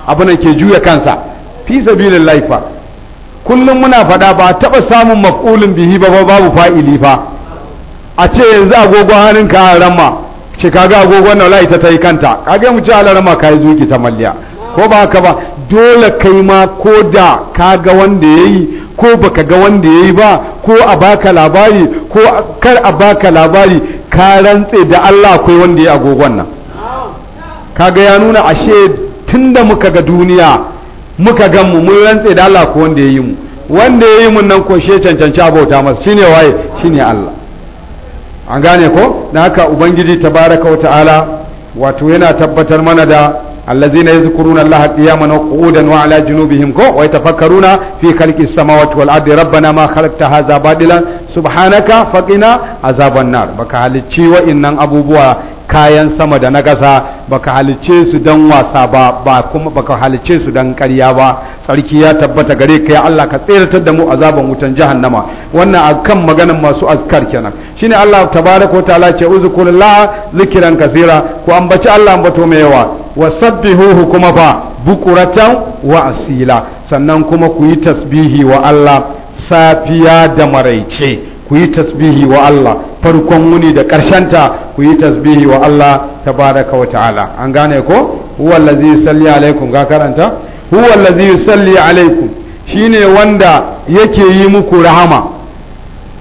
abin da ke juya kansa fi sabilillahi fa kullum muna faɗa ba taɓa samun maf'ulin bihi ba babu fa'ili fa a ce yanzu agogon hannun ka rama ce kaga agogon na ita ta yi kanta kaga mu ce alarama ka yi zuki ta malliya ko ba haka ba dole kai ma ko da ka ga wanda ya yi ko ba ka ga wanda ya yi ba ko a baka labari ko kar a baka labari ka rantse da Allah akwai wanda ya agogon nan kaga ya nuna ashe tun da muka ga duniya muka gan mu mun rantse da Allah ko wanda ya yi mu wanda ya yi mun nan ko she cancanci abota masa shine waye shine Allah an gane ko na haka ubangiji ta wa ta'ala wato yana tabbatar mana da allazina yadhkuruna allaha qiyaman na qu'udan wa ala junubihim ko wa yatafakkaruna fi khalqis samawati wal ardi rabbana ma khalaqta hadha batilan subhanaka faƙina azaban nar baka halicci wa innan abubuwa kayan sama da na ƙasa baka halice su don wasa ba ba kuma baka halice su don karya ba sarki ya tabbata gare ka ya Allah ka tseratar da mu azaban wutan jahannama wannan akan maganan masu askar kenan shine Allah tabaraka wa ta'ala ce uzkurullah zikran kaseera ku ambaci Allah ambato mai yawa wasabbihuhu kuma fa bukuratan wa asila sannan kuma ku yi tasbihi wa Allah safiya da maraice ku yi tasbihi wa Allah farkon muni da ƙarshenta ku yi tasbihi wa Allah tabaraka wa ta'ala an gane ko huwa allazi yusalli alaikum ga karanta huwa allazi yusalli alaikum shine wanda yake yi muku rahama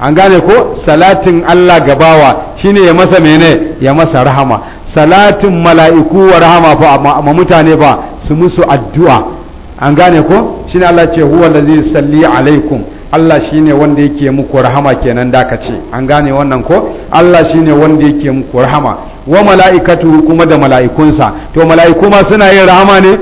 an gane ko salatin Allah gabawa shine ya masa mene ya masa rahama salatin mala'iku wa rahama fa amma mutane ba su musu addu'a an gane ko shine Allah ce huwa allazi yusalli alaikum Allah shi ne wanda yake muku rahama kenan da ka ce an gane wannan ko Allah shi ne wanda yake muku rahama wa mala'ikatu kuma da mala'ikunsa to mala'iku ma suna yin rahama ne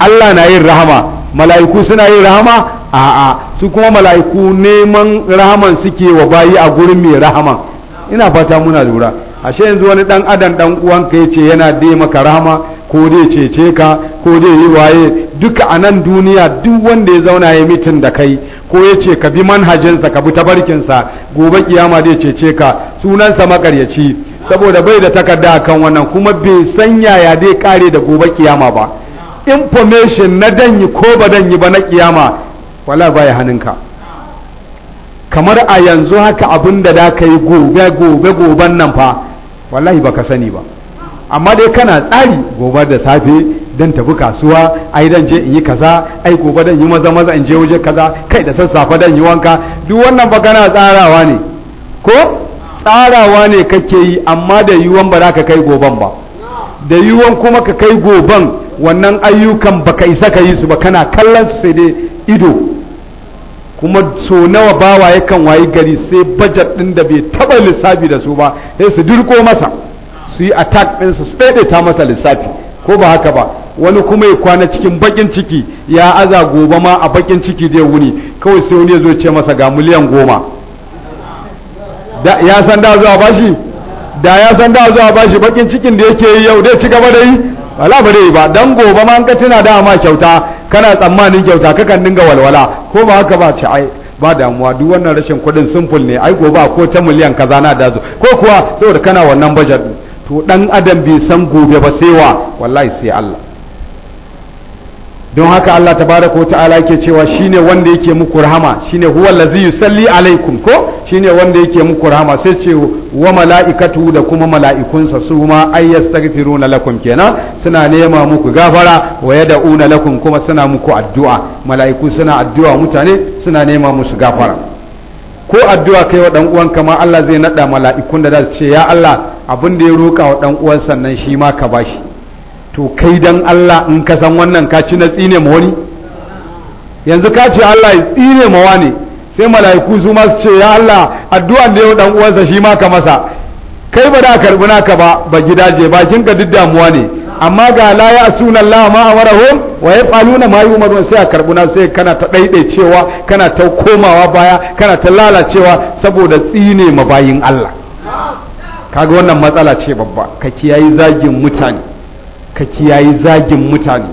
Allah na yin rahama mala'iku suna yin rahama a'a su kuma mala'iku neman rahaman suke wa bayi a gurin mai rahama ina fata muna lura ashe yanzu wani dan adam dan uwanka yace yana dai maka rahama ko zai cece ka ko zai yi waye duka a nan duniya duk wanda ya zauna ya mitin da kai ko ya ce ka bi manhajinsa ka bi tabarkinsa gobe kiyama zai cece ka sunansa makaryaci saboda bai da takarda kan wannan kuma bai san yaya zai kare da gobe kiyama ba information na danyi ko ba danyi ba na kiyama wala baya hannunka kamar a yanzu haka abin da da ka yi gobe gobe goben nan fa wallahi baka sani ba amma dai kana tsari gobe da safe dan tafi kasuwa ai dan je in yi kaza ai gobe dan yi maza maza in je waje kaza kai da sassafe dan yi wanka duk wannan ba kana tsarawa ne ko tsarawa ne kake yi amma da yiwuwan ba za ka kai goban ba da yiwuwan kuma ka kai goban wannan ayyukan ba ka isa ka yi su ba kana kallon su sai dai ido kuma so nawa bawa yakan wayi gari sai bajet din da bai taba lissafi da su ba sai su dirko masa su yi attack ɗinsa su ta masa lissafi ko ba haka ba wani kuma ya kwana cikin bakin ciki ya aza gobe ma a bakin ciki da wuni kawai sai wani ya zo ce masa ga miliyan goma ya san da zuwa bashi da ya san da zuwa bashi bakin cikin da yake yi yau dai ci gaba da yi wala ba dai ba dan gobe ma an ka tuna da ma kyauta kana tsammanin kyauta kakan dinga walwala ko ba haka ba ce ai ba damuwa duk wannan rashin kuɗin simple ne ai gobe ko ta miliyan kaza na da ko kuwa saboda kana wannan budget to dan adam bai san gobe ba sai wa wallahi sai Allah don haka Allah ta bada wa ta'ala yake cewa shine wanda yake muku rahama shine huwa allazi yusalli alaikum ko shine wanda yake muku rahama sai ce wa mala'ikatu da kuma mala'ikunsa su ma ay lakum kenan suna nema muku gafara wa yad'una lakum kuma suna muku addu'a mala'iku suna addu'a mutane suna nema musu gafara ko addu'a kai wa dan uwanka ma Allah zai nada mala'ikun da za su ce ya Allah abin da ya roka wa dan uwan sannan shi ma ka bashi to kai dan Allah in ka san wannan ka na tsine ma wani yanzu ka ce Allah ya tsine ma wani sai mala'iku su ma ce ya Allah addu'an da yau dan uwansa shi ma ka masa kai ba da karbi naka ba ba gidaje bakin ka duk damuwa ne amma ga la ya asuna Allah ma amarahum wa yafaluna ma yumarun sai a karbi na sai kana ta daidaicewa kana ta komawa baya kana ta lalacewa saboda tsine ma bayin Allah kaga wannan matsala ce babba ka kiyayi zagin mutane ka kiyayi zagin mutane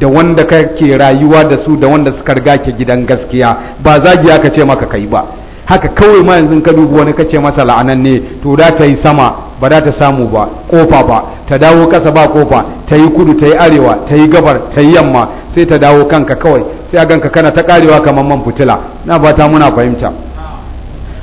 da wanda kake rayuwa da su da wanda suka riga ke gidan gaskiya ba zagi aka ce maka kai ba haka kawai ma yanzu ka dubi wani kace masa la'anan ne to da ta yi sama ba da ta samu ba kofa ba ta dawo kasa ba kofa ta yi kudu ta yi arewa ta yi gabar ta yi yamma sai ta dawo kanka kawai sai a ganka kana ta karewa kamar man fitila na fata muna fahimta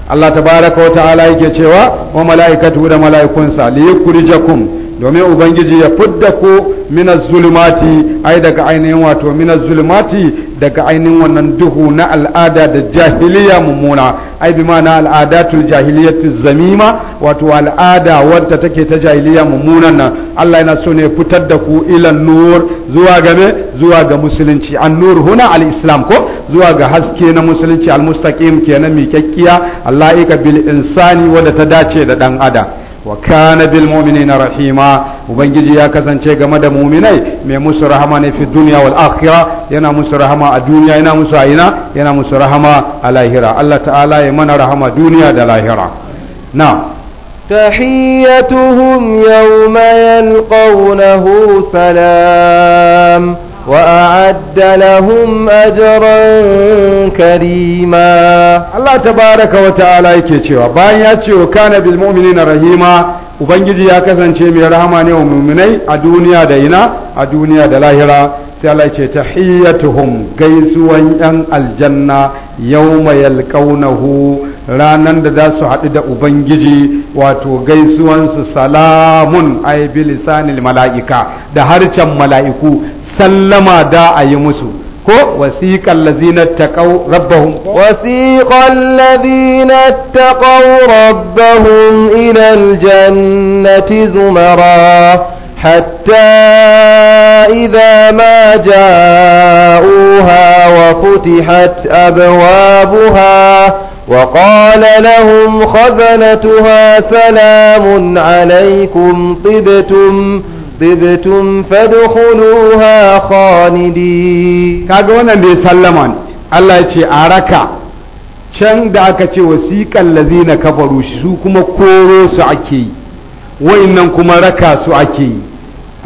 Allah tabaraka wa ta'ala yake cewa wa mala'ikatu da mala'ikunsa liyukrijakum domin ubangiji ya fudda ku minaz zulumati ai daga ainihin wato minaz zulumati daga ainihin wannan duhu na al'ada da jahiliya mummuna ai bi ma'ana al'adatul jahiliyati zamima wato al'ada wadda take ta jahiliya mummunan nan Allah yana so ne fitar da ku ila nur zuwa game zuwa ga musulunci an nur huna al islam ko zuwa ga haske na musulunci al mustaqim kenan miƙaƙƙiya Allah ika bil insani wadda ta dace da dan adam wa kana bil mu'minina rahima ubangiji ya kasance game da mu'minai mai musu rahama ne fi dunya wal akhira yana musu rahama a duniya yana musu a ina yana musu rahama a lahira Allah ta'ala ya mana rahama duniya da lahira na تحيتهم يوم يلقونه سلام وأعد لهم أجرا كريما الله تبارك وتعالى ya بان يكيشوا كان بالمؤمنين رحيما ubangiji ya kasance mai rahama ne wa muminai a duniya da ina a duniya da lahira sai Allah ce tahiyyatuhum gaisuwan yan aljanna yawma yalqawnahu ranan da za su haɗu da ubangiji wato gaisuwansu salamun ay bilisanil mala'ika da harcen mala'iku sallama da a yi musu ko wasiƙan lazina taƙau rabbahum wasiƙan lazina taƙau rabbahum ilal jannati zumara حتى إذا ما جاءوها وفتحت أبوابها وقال لهم خزنتها سلام عليكم طبتم طبتم فادخلوها خالدين kaga wannan da ya sallama ne Allah ya ce a raka can da aka ce wasiƙan lazina kafaru su kuma koro su ake yi wainnan kuma raka su ake yi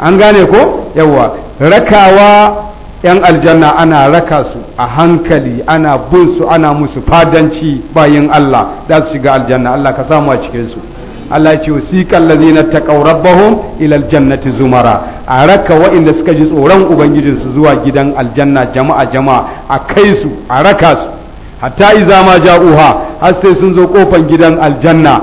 an gane ko yawwa rakawa yan aljanna ana raka su a hankali ana bin su ana musu fadanci bayan Allah da su shiga aljanna Allah ka samu a cikinsu. Allah ya ce wasiqal ladina taqaw rabbahum ila aljannati zumara a raka waɗanda suka ji tsoron ubangijinsu zuwa gidan aljanna jama'a jama'a a kai su a raka su hatta iza ma ja'uha har sai sun zo kofan gidan aljanna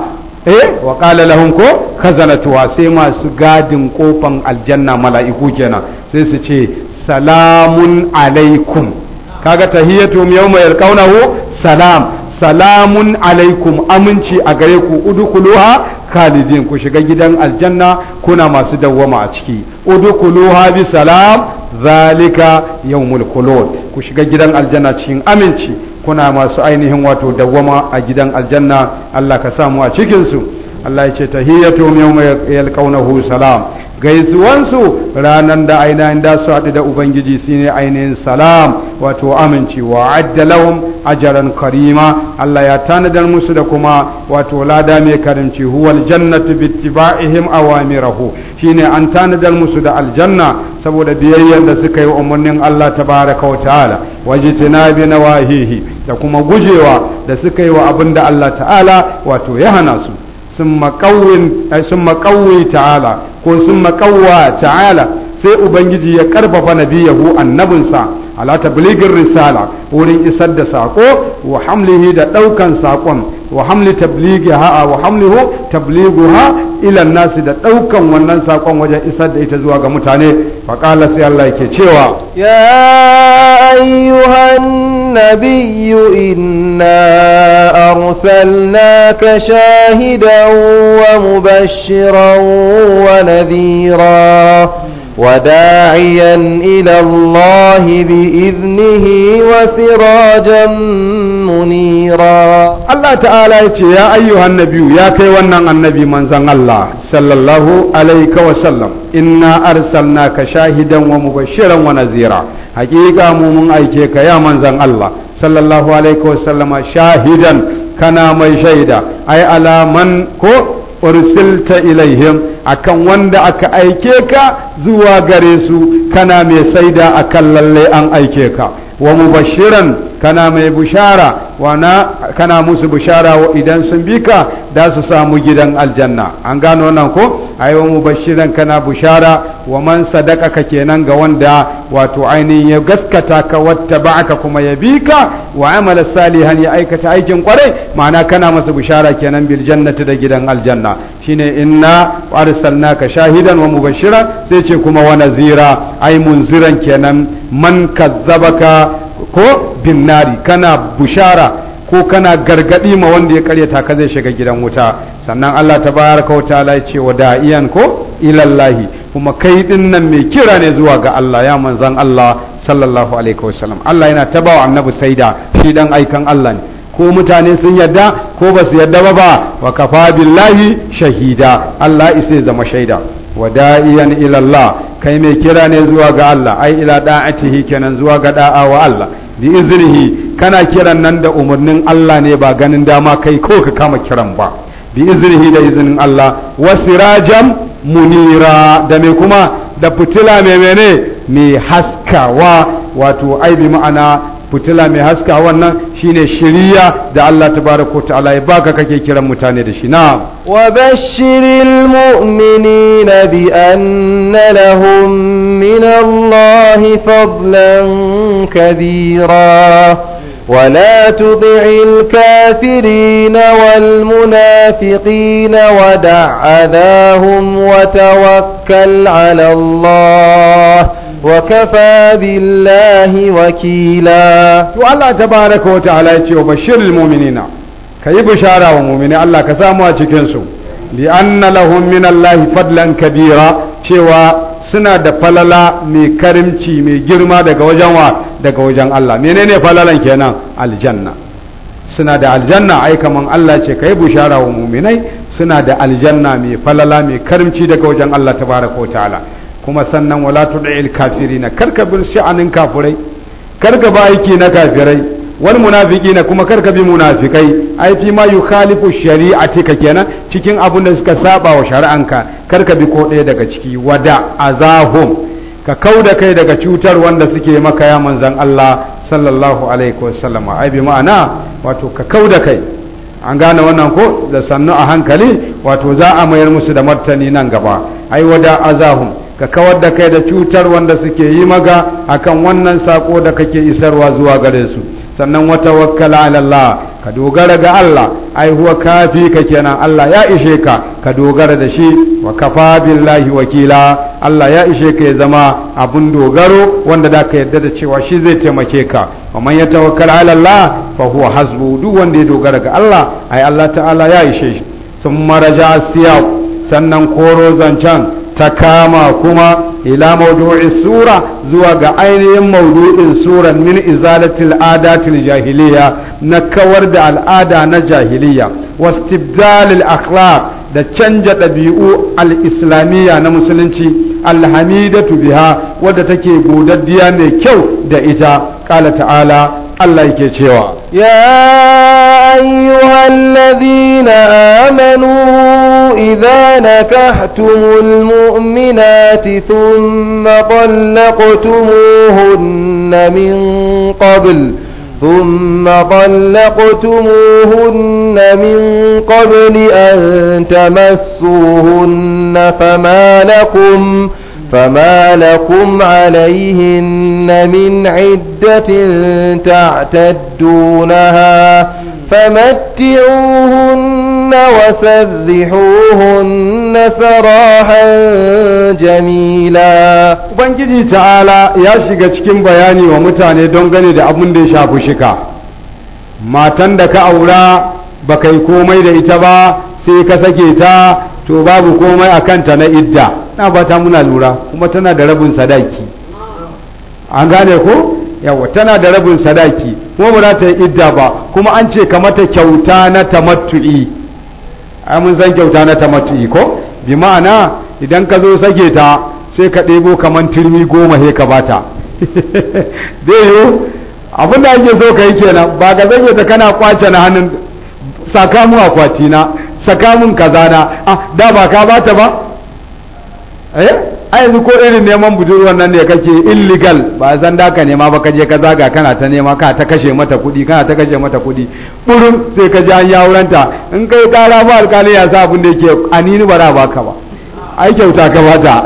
eh wa qala lahum ko kazanatuwa sai masu gadin ƙofan aljanna mala'iku kenan sai su ce salamun alaikum kaga tahiyatum yawma yalqawnahu salam salamun alaikum aminci a gare ku udkhuluha khalidin ku shiga gidan aljanna kuna masu dawwama a ciki udkhuluha bi salam zalika yawmul khulud ku shiga gidan aljanna cikin aminci kuna masu ainihin wato dawwama a gidan aljanna Allah ka samu a cikin su Allah ya ce tahiyatu yawma yalqawnahu salam gaisuwansu ranar da ainihin da su haɗu da ubangiji ne ainihin salam wato amincewa addalahum ajaran karima Allah ya tanadar musu da kuma wato lada mai karimci huwal jannatu bittiba'ihim awamirahu shine an tanadar musu da aljanna saboda biyayyar da suka yi umarnin Allah tabaraka wa ta'ala na wahihi da kuma gujewa da suka yi wa abin da Allah ta'ala wato ya hana su sun makawai eh, ta'ala ko sun makawa ta'ala sai ubangiji ya karfafa nabiyahu annabinsa ala tabligin risala wurin isar da sako wa hamlihi da daukan sakon wa hamli tabligiha wa hamlihu tabliguha ila da daukan wannan sakon wajen isar da ita zuwa ga mutane fa qala sai Allah yake cewa ya ayyuhan nabiyyu inna arsalnaka shahidan wa mubashiran wa nadhira وداعيا إلى الله بإذنه وسراجا منيرا الله تعالى يا أيها النبي يا كيوانا النبي من زن الله صلى الله عليه وسلم إنا أرسلناك شاهدا ومبشرا ونذيرا حقيقة مؤمن أيكيك يا من زن الله صلى الله عليه وسلم شاهدا كان ما شهيدا أي على من كو ursilta ilaihim akan wanda aka aike ka zuwa gare su kana mai saida akan lalle an aike ka wa mubashiran kana mai bushara wana kana musu bushara wa idan sun bi ka da su samu gidan aljanna an gano nan ko ai wa mubashiran kana bushara wa man sadaqaka kenan ga wanda wato ainihin ya gaskata ka ba'aka kuma ya bika wa amala salihan ya aikata aikin kwarai ma'ana kana masa bushara kenan bil jannati da gidan aljanna shine inna arsalnaka shahidan wa mubashira sai ce kuma wa nazira ai munziran kenan man kazzabaka ko binnari kana bushara ko kana gargadi ma wanda ya karyata ka zai shiga gidan wuta sannan Allah ta bayar wa ta'ala ya ce wa da'iyan ko ilallahi kuma kai din nan mai kira ne zuwa ga Allah ya manzan Allah sallallahu alaihi wasallam Allah yana tabawa annabi saida shi dan aikan Allah ne ko mutane sun yadda ko ba su yadda ba ba wa kafa billahi shahida Allah isai zama shaida wa da'iyan ilallah kai mai kira ne zuwa ga Allah ai ila da'atihi kenan zuwa ga da'a wa Allah bi iznihi kana kiran nan da umarnin Allah ne ba ganin dama kai ko ka kama kiran ba bi iznihi da izinin Allah wa sirajan munira da me kuma da fitila mai mene mai haskawa wato ai ma'ana fitila mai haska wannan shine shiriya da Allah tabaraka ta'ala ya baka kake kiran mutane da shi na'am wa bashiril mu'minina bi anna lahum min Allah fadlan kabira ولا تطع الكافرين والمنافقين ودع أذاهم وتوكل على الله وكفى بالله وكيلا والله تبارك وتعالى يتي وبشر المؤمنين كي muminai ومؤمنين ka samu a لأن لهم من الله fadlan Kabira cewa suna da falala mai karimci mai girma daga wajen wa daga wajen Allah menene falalan kenan aljanna suna da aljanna ai kaman Allah ce kai bushara wa muminai suna da aljanna mai falala mai karimci daga wajen Allah tabaraka wa ta'ala kuma sannan wala tud'il kafirina karka bin sha'anin kafirai karka ba aiki na kafirai wal munafiqina kuma karka bi munafikai ai fi ma yukhalifu ka kenan cikin abun da suka saba wa shari'anka karka bi ko ɗaya daga ciki wada azahum ka kau da kai daga cutar wanda suke maka ya manzan Allah sallallahu alaihi wasallama ai bi ma'ana wato ka kau da kai an gane wannan ko da sannu a hankali wato za a mayar musu da martani nan gaba ai wada azahum ka kawar da kai da cutar wanda suke yi maka akan wannan sako da kake isarwa zuwa gare su sannan wata wakala alallah ka dogara ga Allah ai huwa kafi ka kenan Allah ya ishe ka ka dogara da shi wa kafa billahi wakila Allah ya ishe ka ya zama abun dogaro wanda da ka yarda da cewa shi zai taimake ka wa man yatawakkal ala Allah fa huwa hasbu duk wanda ya dogara ga Allah ai Allah ta'ala ya ishe shi sun maraja siyaq sannan koro zancan ta kama kuma ila mawdu'i sura zuwa ga ainihin mawdu'in suran min izalatil adatil jahiliya na kawar da al'ada na jahiliya wastibdalil akhlaq da canja ɗabi'u al-islamiyya na musulunci alhamidatu biha wadda take godaddiya mai kyau da ita qala ta'ala الله يكيشيوا يا أيها الذين آمنوا إذا نكحتم المؤمنات ثم طلقتموهن من قبل ثم طلقتموهن من قبل أن تمسوهن فما لكم فما لكم فما لكم عليهن من عدة تعتدونها فمتعوهن وسرحوهن سراحا جميلا Ubangiji ta'ala ya shiga cikin bayani wa mutane don gane da abin da ya shafi shika matan da ka aura baka yi komai da ita ba sai ka sake ta to babu komai a kanta na idda na ta muna lura kuma tana da rabin sadaki an gane ko yawa tana da rabin sadaki kuma ba za ta yi idda ba kuma an ce ka mata kyauta na tamattu'i ai mun san kyauta na tamattu'i ko bi ma'ana idan ka zo sake ta sai ka ɗebo kamar turmi goma he ka bata zai abin da ake so ka yi kenan ba ka zage ta kana kwace na hannun sakamun mun akwati na saka mun kaza na ah da ba ka bata ba Eh? a yanzu ko irin neman budurwan nan ne kake illegal ba zan da ka nema ba ka je ka zaga kana ta nema ka ta kashe mata kuɗi kana ta kashe mata kuɗi burin sai ka ji an yawuranta in kai tara ba alkali ya sa abin da yake anini ba za ka ba ai kyauta ka bata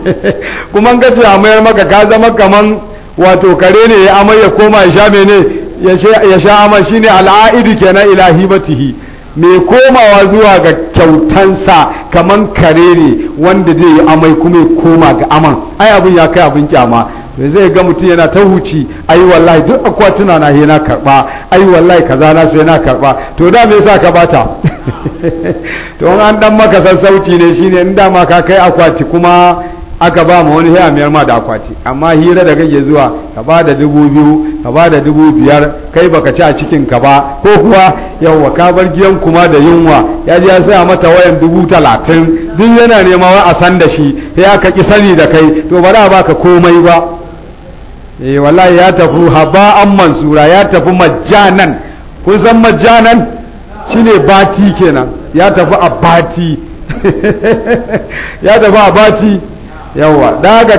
kuma ka ce a mayar maka ka zama kaman wato kare ne ya amai ya koma ya sha mene ya sha amai shine al'aidi kenan ilahi hibatihi mai komawa zuwa ga kyautansa kamar kare ne wanda zai yi amai kuma ya koma ga aman ai abin ya kai abin kyama zai ga mutum yana ta huci ai wallahi duk akwatuna na he na karba ai wallahi kaza na sai na karba to da me yasa ka bata to an dan maka sassauci ne shine in dama ka kai akwati kuma aka ba ma wani sai miyar ma da akwati amma hira da kake zuwa ka ba da dubu biyu ka ba da dubu biyar kai baka ci a cikin ka ba ko kuwa yawwa ka bar giyan kuma da yunwa ya ji ya saya mata wayan dubu talatin duk yana nema wa a san da shi sai aka ki sani da kai to ba ba baka komai ba eh wallahi ya tafi an mansura ya tafi majanan kun san shine bati kenan ya tafi a bati ya tafi a bati yawa daga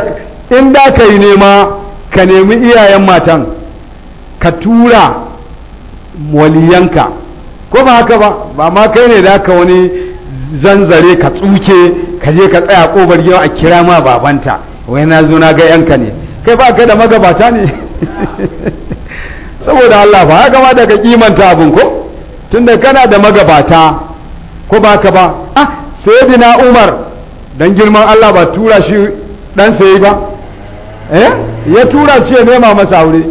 in da ka yi nema ka nemi iyayen matan ka tura waliyanka ko ba haka ba ba ma kai ne da ka wani zanzare ka tsuke ka je ka tsaya kobar gina a kira ma babanta wai na zo na ga yanka ne kai ba ka da magabata ne saboda Allah ba haka ma daga kimanta abin ko tunda kana da magabata ko ba ka ba ah sayyidina Umar dan girman Allah ba tura shi dan yi ba eh ya tura ce nema masa aure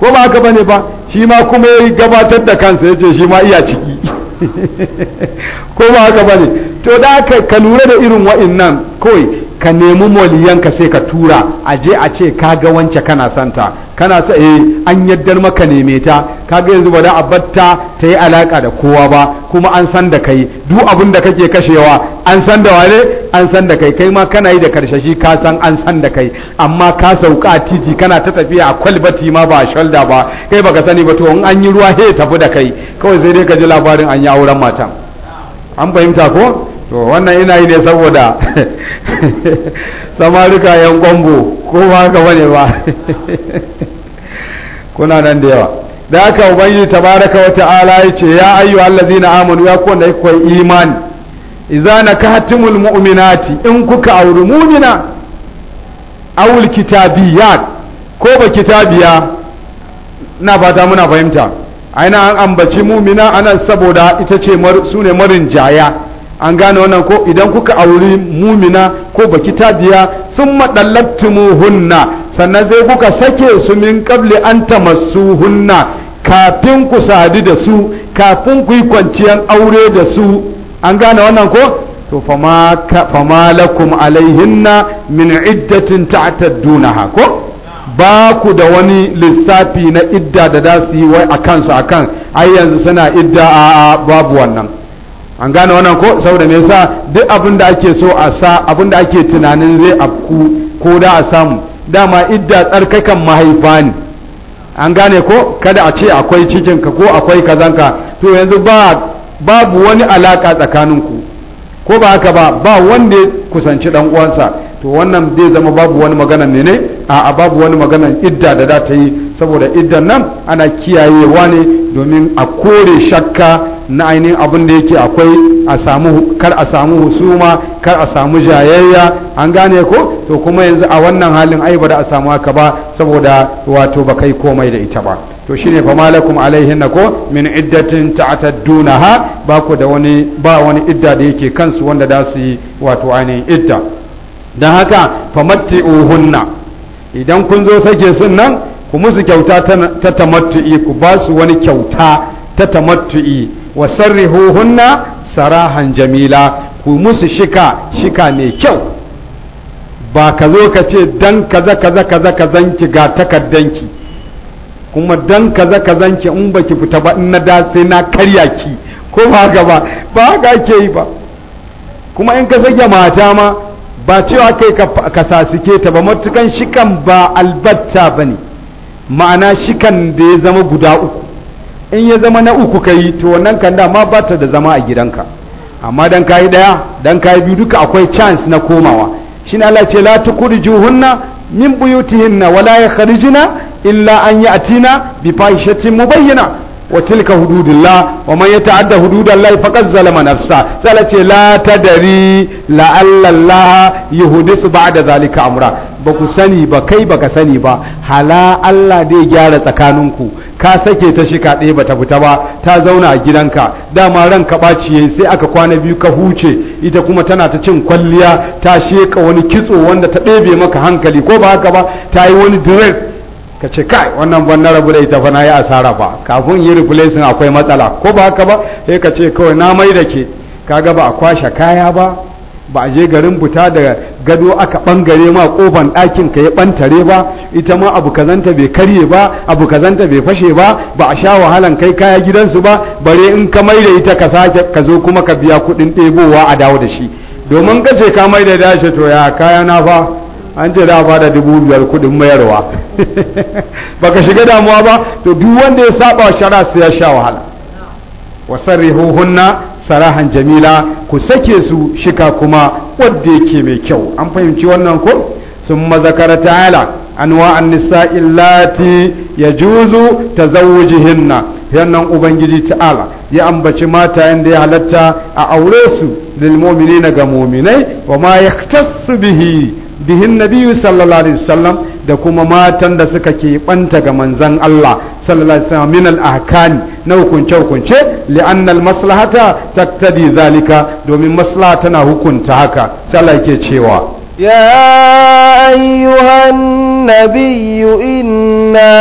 ko ba haka bane ba shi ma kuma ya gabatar da kansa ya ce shi ma iya ciki ko ba haka bane to da ka lura da irin wa'innan kawai ka nemi moliyanka sai ka tura a je a ce ka ga wance kana santa kana sa eh an yaddar maka neme ta ka ga yanzu ba da abatta ta yi alaka da kowa ba kuma an san da kai duk abin da kake kashewa an san da wane an san da kai kai ma kana yi da karshe shi ka san an san da kai amma ka sauka a titi kana ta tafiya a kwalbati ma ba a shalda ba kai baka sani ba to in an yi ruwa he tafi da kai kawai sai dai ka ji labarin an yi auren matan an fahimta ko to wannan ina yi ne saboda samarika yan gombo ko ba haka bane ba kuna nan da yawa da aka ubangi tabaraka wa ta'ala ce ya ayyu allazina amanu ya ku wanda kuka imani idza nakahatumul mu'minati in kuka auri mu'mina awul kitabiyat ko ba kitabiya na fata muna fahimta aina an ambaci mu'mina anan saboda ita ce su marin jaya an gane wannan ko idan kuka auri mumina ko baki tabiya sun hunna sannan sai kuka sake su min kabli an hunna kafin ku sadu da su kafin ku yi kwanciyar aure da su an gane wannan ko to fama lakum alaihinna min iddatin ha ko ba ku da wani lissafi na idda da za su yi wai a kansu akan ai yanzu suna idda a babu wannan an gane wannan ko saboda me yasa duk abin da ake so a sa abin da ake tunanin zai afku ko da a samu dama idda tsarkakan mahaifa ne an gane ko kada a ce akwai cikinka ko akwai kazanka to yanzu ba babu wani alaka tsakaninku ko ba haka ba ba wanda kusanci dan uwansa to wannan zai zama babu wani magana ne a babu wani magana idda da za ta yi saboda iddan nan ana kiyayewa ne domin a kore shakka na ainihin abin da yake akwai a samu kar a samu husuma kar a samu jayayya an gane ko to kuma yanzu a wannan halin ai ba da a samu haka ba saboda wato ba kai komai da ita ba to shine fa malakum alaihin ko min iddatin ta'taddunaha ba ku da wani ba wani idda da yake kansu wanda da su yi wato ainihin idda dan haka fa famatti'uhunna idan kun zo sake sun nan ku musu kyauta ta tamattu'i ku ba su wani kyauta ta tamattu'i wa na sarahan jamila ku musu shika shika mai kyau ba ka zo ka ce dan kaza kaza kaza ga takaddanki kuma dan kaza ki in baki fita ba in na da sai na karya ki ko ba gaba ba haka ke yi ba kuma in ka sake mata ma ba cewa kai ka sasike ta ba matukan shikan ba albatta bane ma'ana shikan da ya zama guda uku in ya zama na uku kai to wannan kan dama ba ta da zama a gidanka amma dan kayi daya dan kayi biyu duka akwai chance na komawa shi Allah ce la hunna min buyutihinna wala yakhrijuna illa an yi ya'tina bi fahishatin mubayyana wa tilka hududullah wa man yata'adda hududallahi faqad zalama nafsa sai ce la tadari la allah yuhdisu ba'da zalika amra ba ku sani ba kai baka sani ba hala Allah dai gyara tsakaninku ka sake ta shika ɗaya bata fita ba ta zauna a gidanka dama ran ɓaci yayi sai aka kwana biyu ka huce ita kuma tana ta cin kwalliya ta sheka wani kitso wanda ta ɗebe maka hankali ko ba haka ba ta yi wani dress ka ce kai wannan ban na rabu da ita fa na yi asara fa kafin yi replacing akwai matsala ko ba haka ba sai ka ce kawai na mai da ke kaga ba a kwashe kaya ba ba a je garin buta da gado aka bangare ma kofan ɗakin ka ya bantare ba ita ma abu kazanta bai karye ba abu kazanta bai fashe ba ba a sha wahalan kai kaya gidansu ba bare in ka mai da ita ka sake ka zo kuma ka biya kuɗin ɗebowa a dawo da shi domin ka ce ka mai da dashi to ya kaya na fa an ce da bada dubu biyar kudin mayarwa baka shiga damuwa ba to duk wanda ya saba wa shara sai ya sha wahala wa sarrihuhunna sarahan jamila ku sake su shika kuma wadda yake mai kyau an fahimci wannan ko sun mazakara ta'ala anwa'an juzu ta yajuzu hinna. yannan ubangiji ta'ala ya ambaci mata yadda ya halatta a aure su lil na ga mu'minai wa ma yaktasu bihi bihin nabiyu sallallahu alaihi wasallam da kuma matan da suka banta ga manzan Allah sallallahu alaihi wasallam min al-ahkami na hukunce hukunce li'anna al-maslahata taqtadi zalika domin maslaha tana hukunta haka sallah yake cewa يا أيها النبي إنا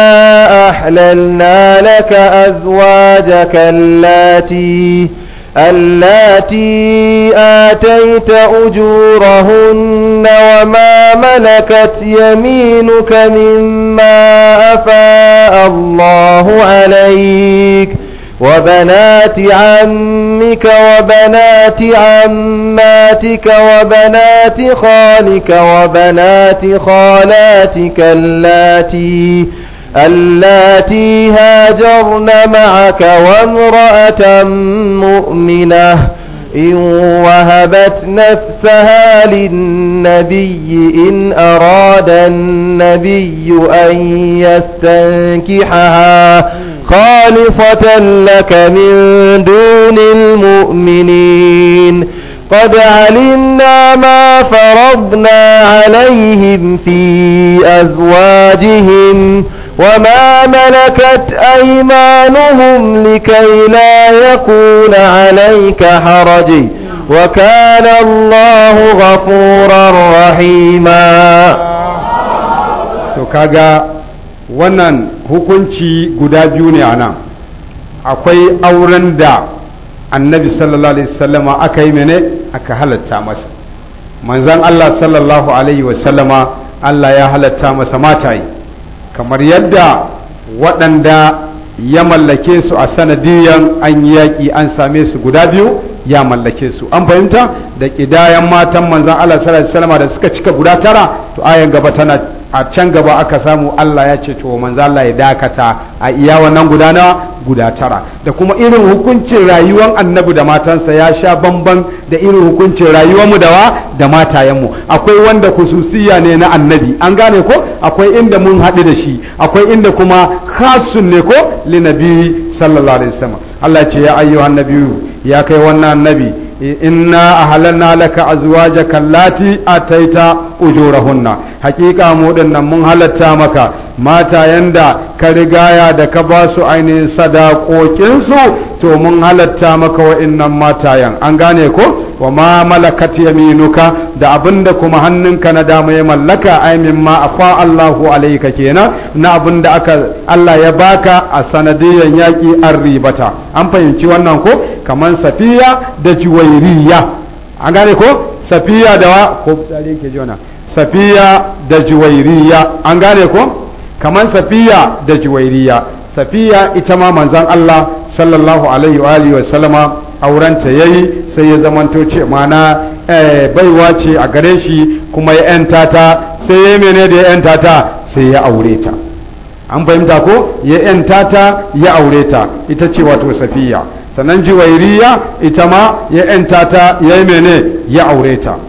أحللنا لك أزواجك اللاتي اللاتي آتيت أجورهن وما ملكت يمينك مما أفاء الله عليك وبنات عمك وبنات عماتك وبنات خالك وبنات خالاتك اللاتي اللاتي هاجرن معك وامرأة مؤمنة إن وهبت نفسها للنبي إن أراد النبي أن يستنكحها خالصة لك من دون المؤمنين قد علمنا ما فرضنا عليهم في أزواجهم وما ملكت أيمانهم لكي لا يكون عليك حرج وكان الله غفورا رحيما kaga wannan hukunci guda biyu ne a nan akwai auren da annabi sallallahu alaihi wasallama aka yi mene aka halatta masa manzan allah sallallahu alaihi wasallama allah ya halatta masa mata yi kamar yadda waɗanda ya mallake su a sanadiyan an yaƙi an same su guda biyu ya mallake su an fahimta da ƙidayen matan manzan Allah sallallahu alaihi wasallam da suka cika guda tara to ayan gaba tana a can gaba aka samu Allah ya ce to manzo Allah ya dakata a iya wannan guda guda tara da kuma irin hukuncin rayuwar annabi da matansa ya sha bamban da irin hukuncin rayuwar mu da wa da mu akwai wanda kususiya ne na annabi an gane ko akwai inda mun haɗu da shi akwai inda kuma khasun ne ko linabi sallallahu alaihi wasallam Allah ce ya ayyuhan nabiyyu ya kai wannan annabi inna ahalanna laka azwajaka allati ataita ujurahunna hakika mu dinnan mun halatta maka mata yanda ka rigaya da ka ba su ainihin sadakokin su to mun halatta maka wa'innan matayan an gane ko wa ma malakat yaminuka da abinda kuma hannunka na dama ya mallaka ai mimma afa Allahu alayka kenan na abinda aka Allah ya baka a sanadiyan yaki an ribata an fahimci wannan ko kaman safiya da juwairiya an gane ko safiya da wa ko tsare ke jona safiya da juwairiya an gane ko kaman safiya da juwairiya safiya ita ma manzon Allah sallallahu alaihi wa alihi wa sallama aurenta yayi sai ya zamanto ce mana eh, baiwa ce a gare shi kuma ya yanta ta sai ya mene da ya yanta ta sai ya aure ta an fahimta ko ya yanta ta ya aure ta ita ce wato safiya sanan jiwairiya ita ma ya yanta ta ya mene ya aure ta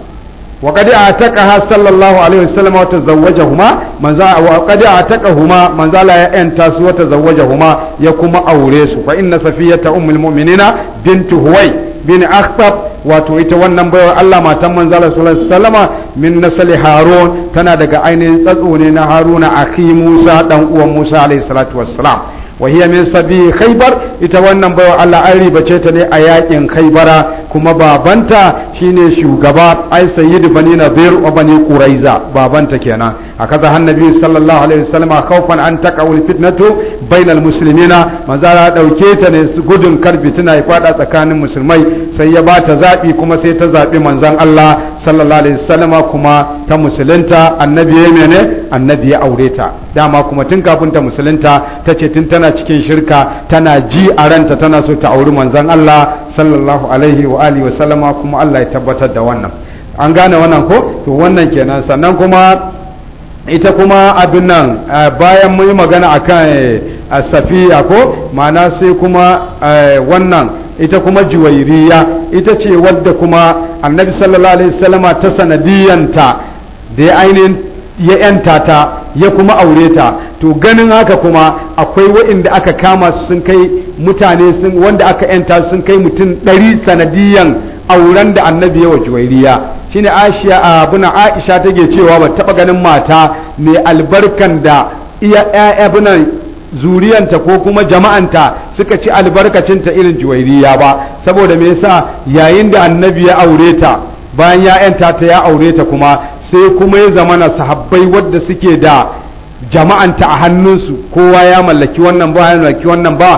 wa qad ataqaha sallallahu alaihi wasallam wa tazawwajahuma manza wa qad ataqahuma manza la ya anta su wa tazawwajahuma ya kuma aure su fa safiyata ummul mu'minina bintu huwai wato ita wannan baiwar Allah matan manzo Allah sallallahu alaihi wasallama min nasli harun tana daga ainihin tsatso ne na haruna akhi Musa dan uwan Musa alaihi salatu wassalam wa hiya min sabi khaybar ita wannan baiwar Allah an ribace ta ne a yakin khaybara kuma babanta shine shugaba ai sayyidu bani nadir wa bani quraiza babanta kenan akaza hannabi sallallahu alaihi wasallam khawfan an taqawul fitnatu bainal muslimina manzo ya dauke ta ne gudun kar fitina ya fada tsakanin musulmai sai ya bata zabi kuma sai ta zabi manzon Allah sallallahu alaihi wasallam kuma ta musulunta annabi ya mene annabi ya aure ta dama kuma tun kafin ta musulunta tace tun tana cikin shirka tana ji a ranta tana so ta auri manzon Allah sallallahu alaihi wa alihi wa sallama kuma Allah ya tabbatar da wannan an gane wannan ko to wannan kenan sannan kuma ita kuma abin nan eh, bayan mun yi magana akan eh, safiya ko ma'ana sai kuma eh, wannan ita kuma juwairiya ita ce wadda kuma annabi sallallahu alaihi wa sallama ta sanadiyanta da ya ainihin ya yanta ta ya kuma aure ta to ganin haka kuma akwai waɗanda aka kama su sun kai mutane sun wanda aka yanta sun kai mutum ɗari sanadiyan auren da annabi yawa juwairiya shine ashiya abuna aisha take cewa ba taba ganin mata mai albarkan da iya ƴaƴa zuriyanta ko kuma jama'anta suka ci albarkacinta irin juwairiya ba saboda me yasa yayin da annabi ya aure ta bayan ya yanta ta ya aure ta kuma sai kuma ya zamana sahabbai wadda suke da jama'anta a hannunsu kowa ya mallaki wannan ba ya mallaki wannan ba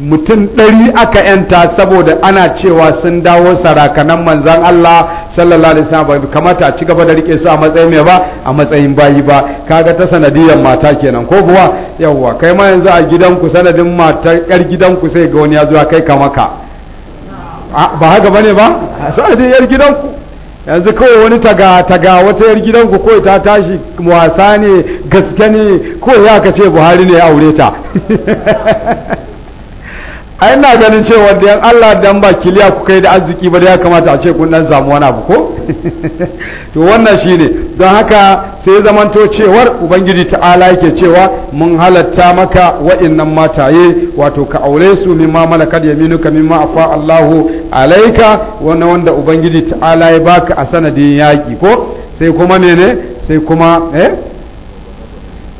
mutum ɗari aka yanta saboda ana cewa sun dawo sarakanan manzan Allah sallallahu alaihi wasallam kamata a ci gaba da rike su a matsayin mai ba a matsayin bayi ba kaga ta sanadiyar mata kenan ko kuwa yawwa kai ma yanzu a gidanku sanadin matar yar gidanku sai ga wani ya zuwa kai ka ba haka bane ba sanadin yar gidanku yanzu kawai wani taga taga wata yar gidanku ko ta tashi wasa ne gaske ne ko ya ka ce buhari ne ya aure ta ai ina ganin cewa da Allah dan ba kiliya ku kai da arziki ba da ya kamata a ce kun dan samu wani abu ko to wannan shine don haka sai zamanto cewar ubangiji ta'ala yake cewa mun halatta maka wa'annan mataye wato ka aure su mimma malakat yaminuka mimma afa Allahu alaika wannan wanda ubangiji ta'ala ya baka a sanadin yaki ko sai kuma ne sai kuma eh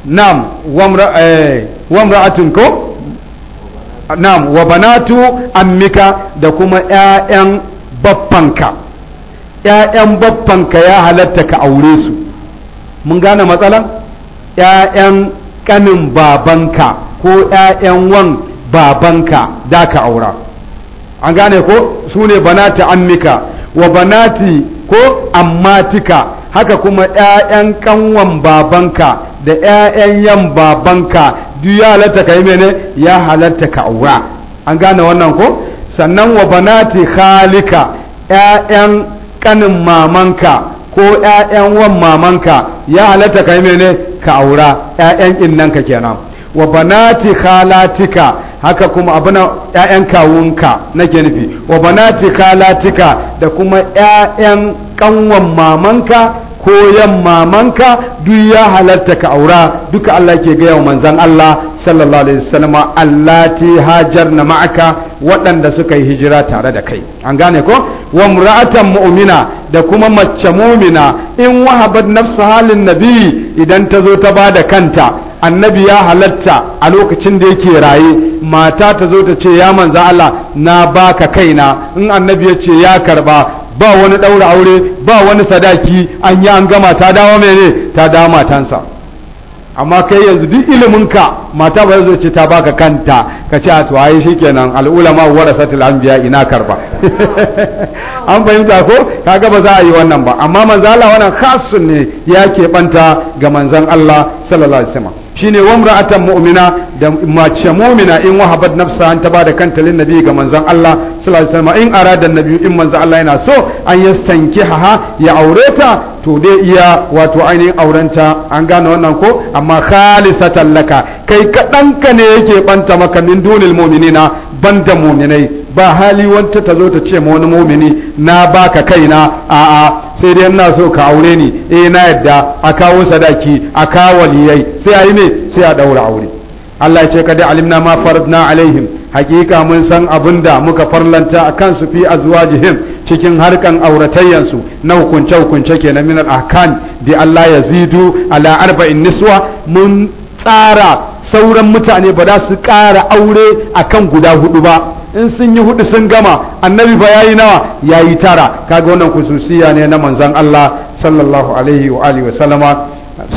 nam wamra eh wamra'atun ko na'am wa banatu ammika da kuma ƴaƴan baffanka ƴaƴan baffanka ya halatta ka aure su mun gane matsalan ƴaƴan kanin babanka ko ƴaƴan wan babanka da ka aura an gane ko su ne ammika wa banati ko ammatika haka kuma ƴaƴan kanwan babanka da ƴaƴan yan babanka duk ya halatta ka yi mene ya halatta ka aura an gane wannan ko sannan wa banati halika ƴaƴan kanin mamanka ko ƴaƴan wan mamanka ya halatta ka yi mene ka aura ƴaƴan innanka kenan wa banati khalatika haka kuma na ƴaƴan kawunka nake nufi wa banati khalatika da kuma ƴaƴan kanwan mamanka ko yan mamanka duk ya halarta ka aura duka Allah ke gaya wa manzan Allah sallallahu alaihi wasallam allati hajarna ma'aka waɗanda suka yi hijira tare da kai an gane ko wa mura'atan mu'mina da kuma mace mu'mina in wahabat nafsu halin nabi idan ta zo ta bada kanta annabi ya halarta a lokacin da yake raye mata ta zo ta ce ya manza Allah na baka kaina in annabi ya ce ya karba ba wani ɗaura aure ba wani sadaki an yi an gama ta dawo mene ta dawo matansa amma kai yanzu duk iliminka mata ba zai ce ta baka kanta ka ce a tuwaye kenan al'ulama an anbiya ina karba an fahimta ko kaga ba za a yi wannan ba amma manzala wannan khasu ne ya banta ga manzon Allah sallallahu alaihi wasallam shine wa imra'atan mu'mina da mace mu'mina in wahabat nafsa an taba da kanta lin nabi ga manzon Allah sallallahu alaihi wasallam in arada nabi in manzon Allah yana so an yastankiha ya aureta to dai iya wato ainihin aurenta an gane wannan ko amma khalisa tallaka kai kaɗan ka ne yake banta maka min dunil mu'minina da mu'minai ba hali wanta ta zo ta ce ma wani mumini na baka kaina a'a sai dai ina so ka aure ni eh na yadda a kawo sadaki a kawo waliyai sai a yi me sai a daura aure Allah ya ce dai alimna ma faradna alaihim hakika mun san da muka farlanta a su fi azwajihim cikin harkan auratayyansu na hukunce-hukunce ke na minar akan bi Allah yazidu ala arba'in niswa mun tsara sauran mutane ba za su ƙara aure akan guda hudu ba in sun yi hudu sun gama annabi ba yayi nawa yayi tara kaga wannan kususiya ne na manzon Allah sallallahu alaihi wa alihi wa sallama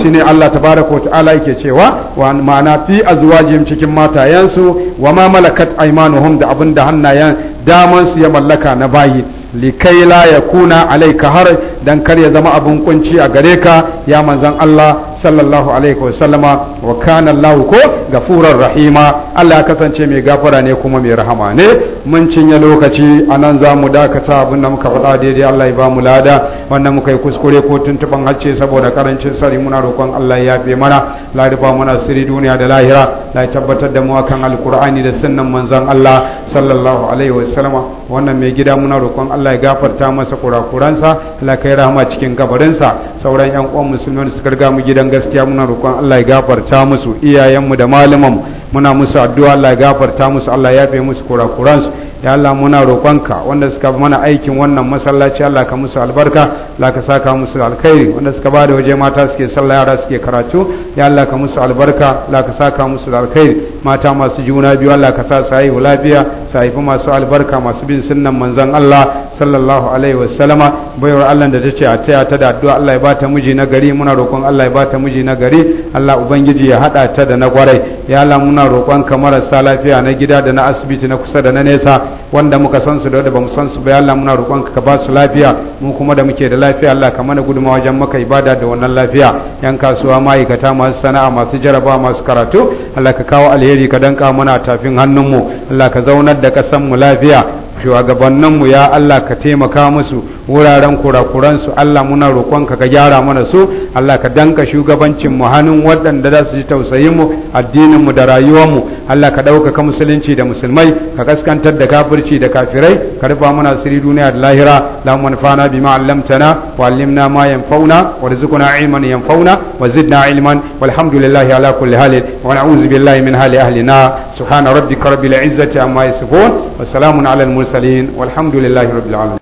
shine Allah tabaraka ta'ala yake cewa wa ma'ana fi azwajihim cikin matayansu wa ma malakat aymanuhum da abinda hannayen damansu ya mallaka na bayi likai la ya kuna alaika har don kar ya zama abin kunci a gare ka ya manzan Allah sallallahu alaihi wasallama wa kana Allah ko gafurar rahima Allah ya kasance mai gafara ne kuma mai rahama ne mun cinye lokaci anan za mu dakata abin da muka faɗa daidai Allah ya ba mu lada wannan muka yi kuskure ko tuntuban harce saboda karancin sari muna roƙon Allah ya fi mana larifa muna siri duniya da lahira la tabbatar da mu akan alqur'ani da sunnan manzan Allah sallallahu alaihi wasallama wannan mai gida muna roƙon Allah ya gafarta masa kurakuransa Allah kai rahama cikin gabarinsa sauran yan uwan musulmi suka riga mu gidan gaskiya muna roƙon Allah ya gafarta musu iyayen mu da mu muna musu addu'a Allah ya gafarta musu Allah ya yafe musu kurakuransu ya Allah muna roƙonka wanda suka mana aikin wannan masallaci Allah ka musu albarka Allah ka saka musu alkhairi wanda suka ba da waje mata suke sallah yara suke karatu ya Allah ka musu albarka Allah ka saka musu alkhairi mata masu juna biyu Allah ka sa su haihu lafiya su haifi masu albarka masu bin sunnan manzon Allah sallallahu alaihi wasallama baiwar Allah da tace a taya ta da addu'a Allah ya ba ta miji na gari muna roƙon Allah ya ba ta miji na gari Allah ubangiji ya hada ta da na gwarai ya Allah muna muna roƙon kamar marasa lafiya na gida da na asibiti na kusa da na nesa wanda muka san su da wanda bamu san su ba Allah muna roƙon ka ba su lafiya mu kuma da muke da lafiya Allah ka mana guduma wajen maka ibada da wannan lafiya yan kasuwa ma'aikata masu sana'a masu jaraba masu karatu Allah ka kawo alheri ka danka mana tafin hannunmu Allah ka zaunar da kasanmu mu lafiya shugabanninmu ya Allah ka taimaka musu wuraren kurakuransu Allah muna roƙonka ka gyara mana su Allah ka danka shugabancin mu hannun waɗanda za su ji tausayinmu addininmu da rayuwar mu Allah ka ɗaukaka musulunci da musulmai ka kaskantar da kafirci da kafirai ka rufa mana asiri duniya da lahira la manfa'na bima 'allamtana wa 'allimna ma yanfa'una warzuqna 'ilman yanfa'una wa zidna 'ilman walhamdulillahi ala kulli halin wa na'udzu billahi min hali ahli na subhana rabbika rabbil izzati amma yasifun wa salamun 'alal mursalin walhamdulillahi rabbil alamin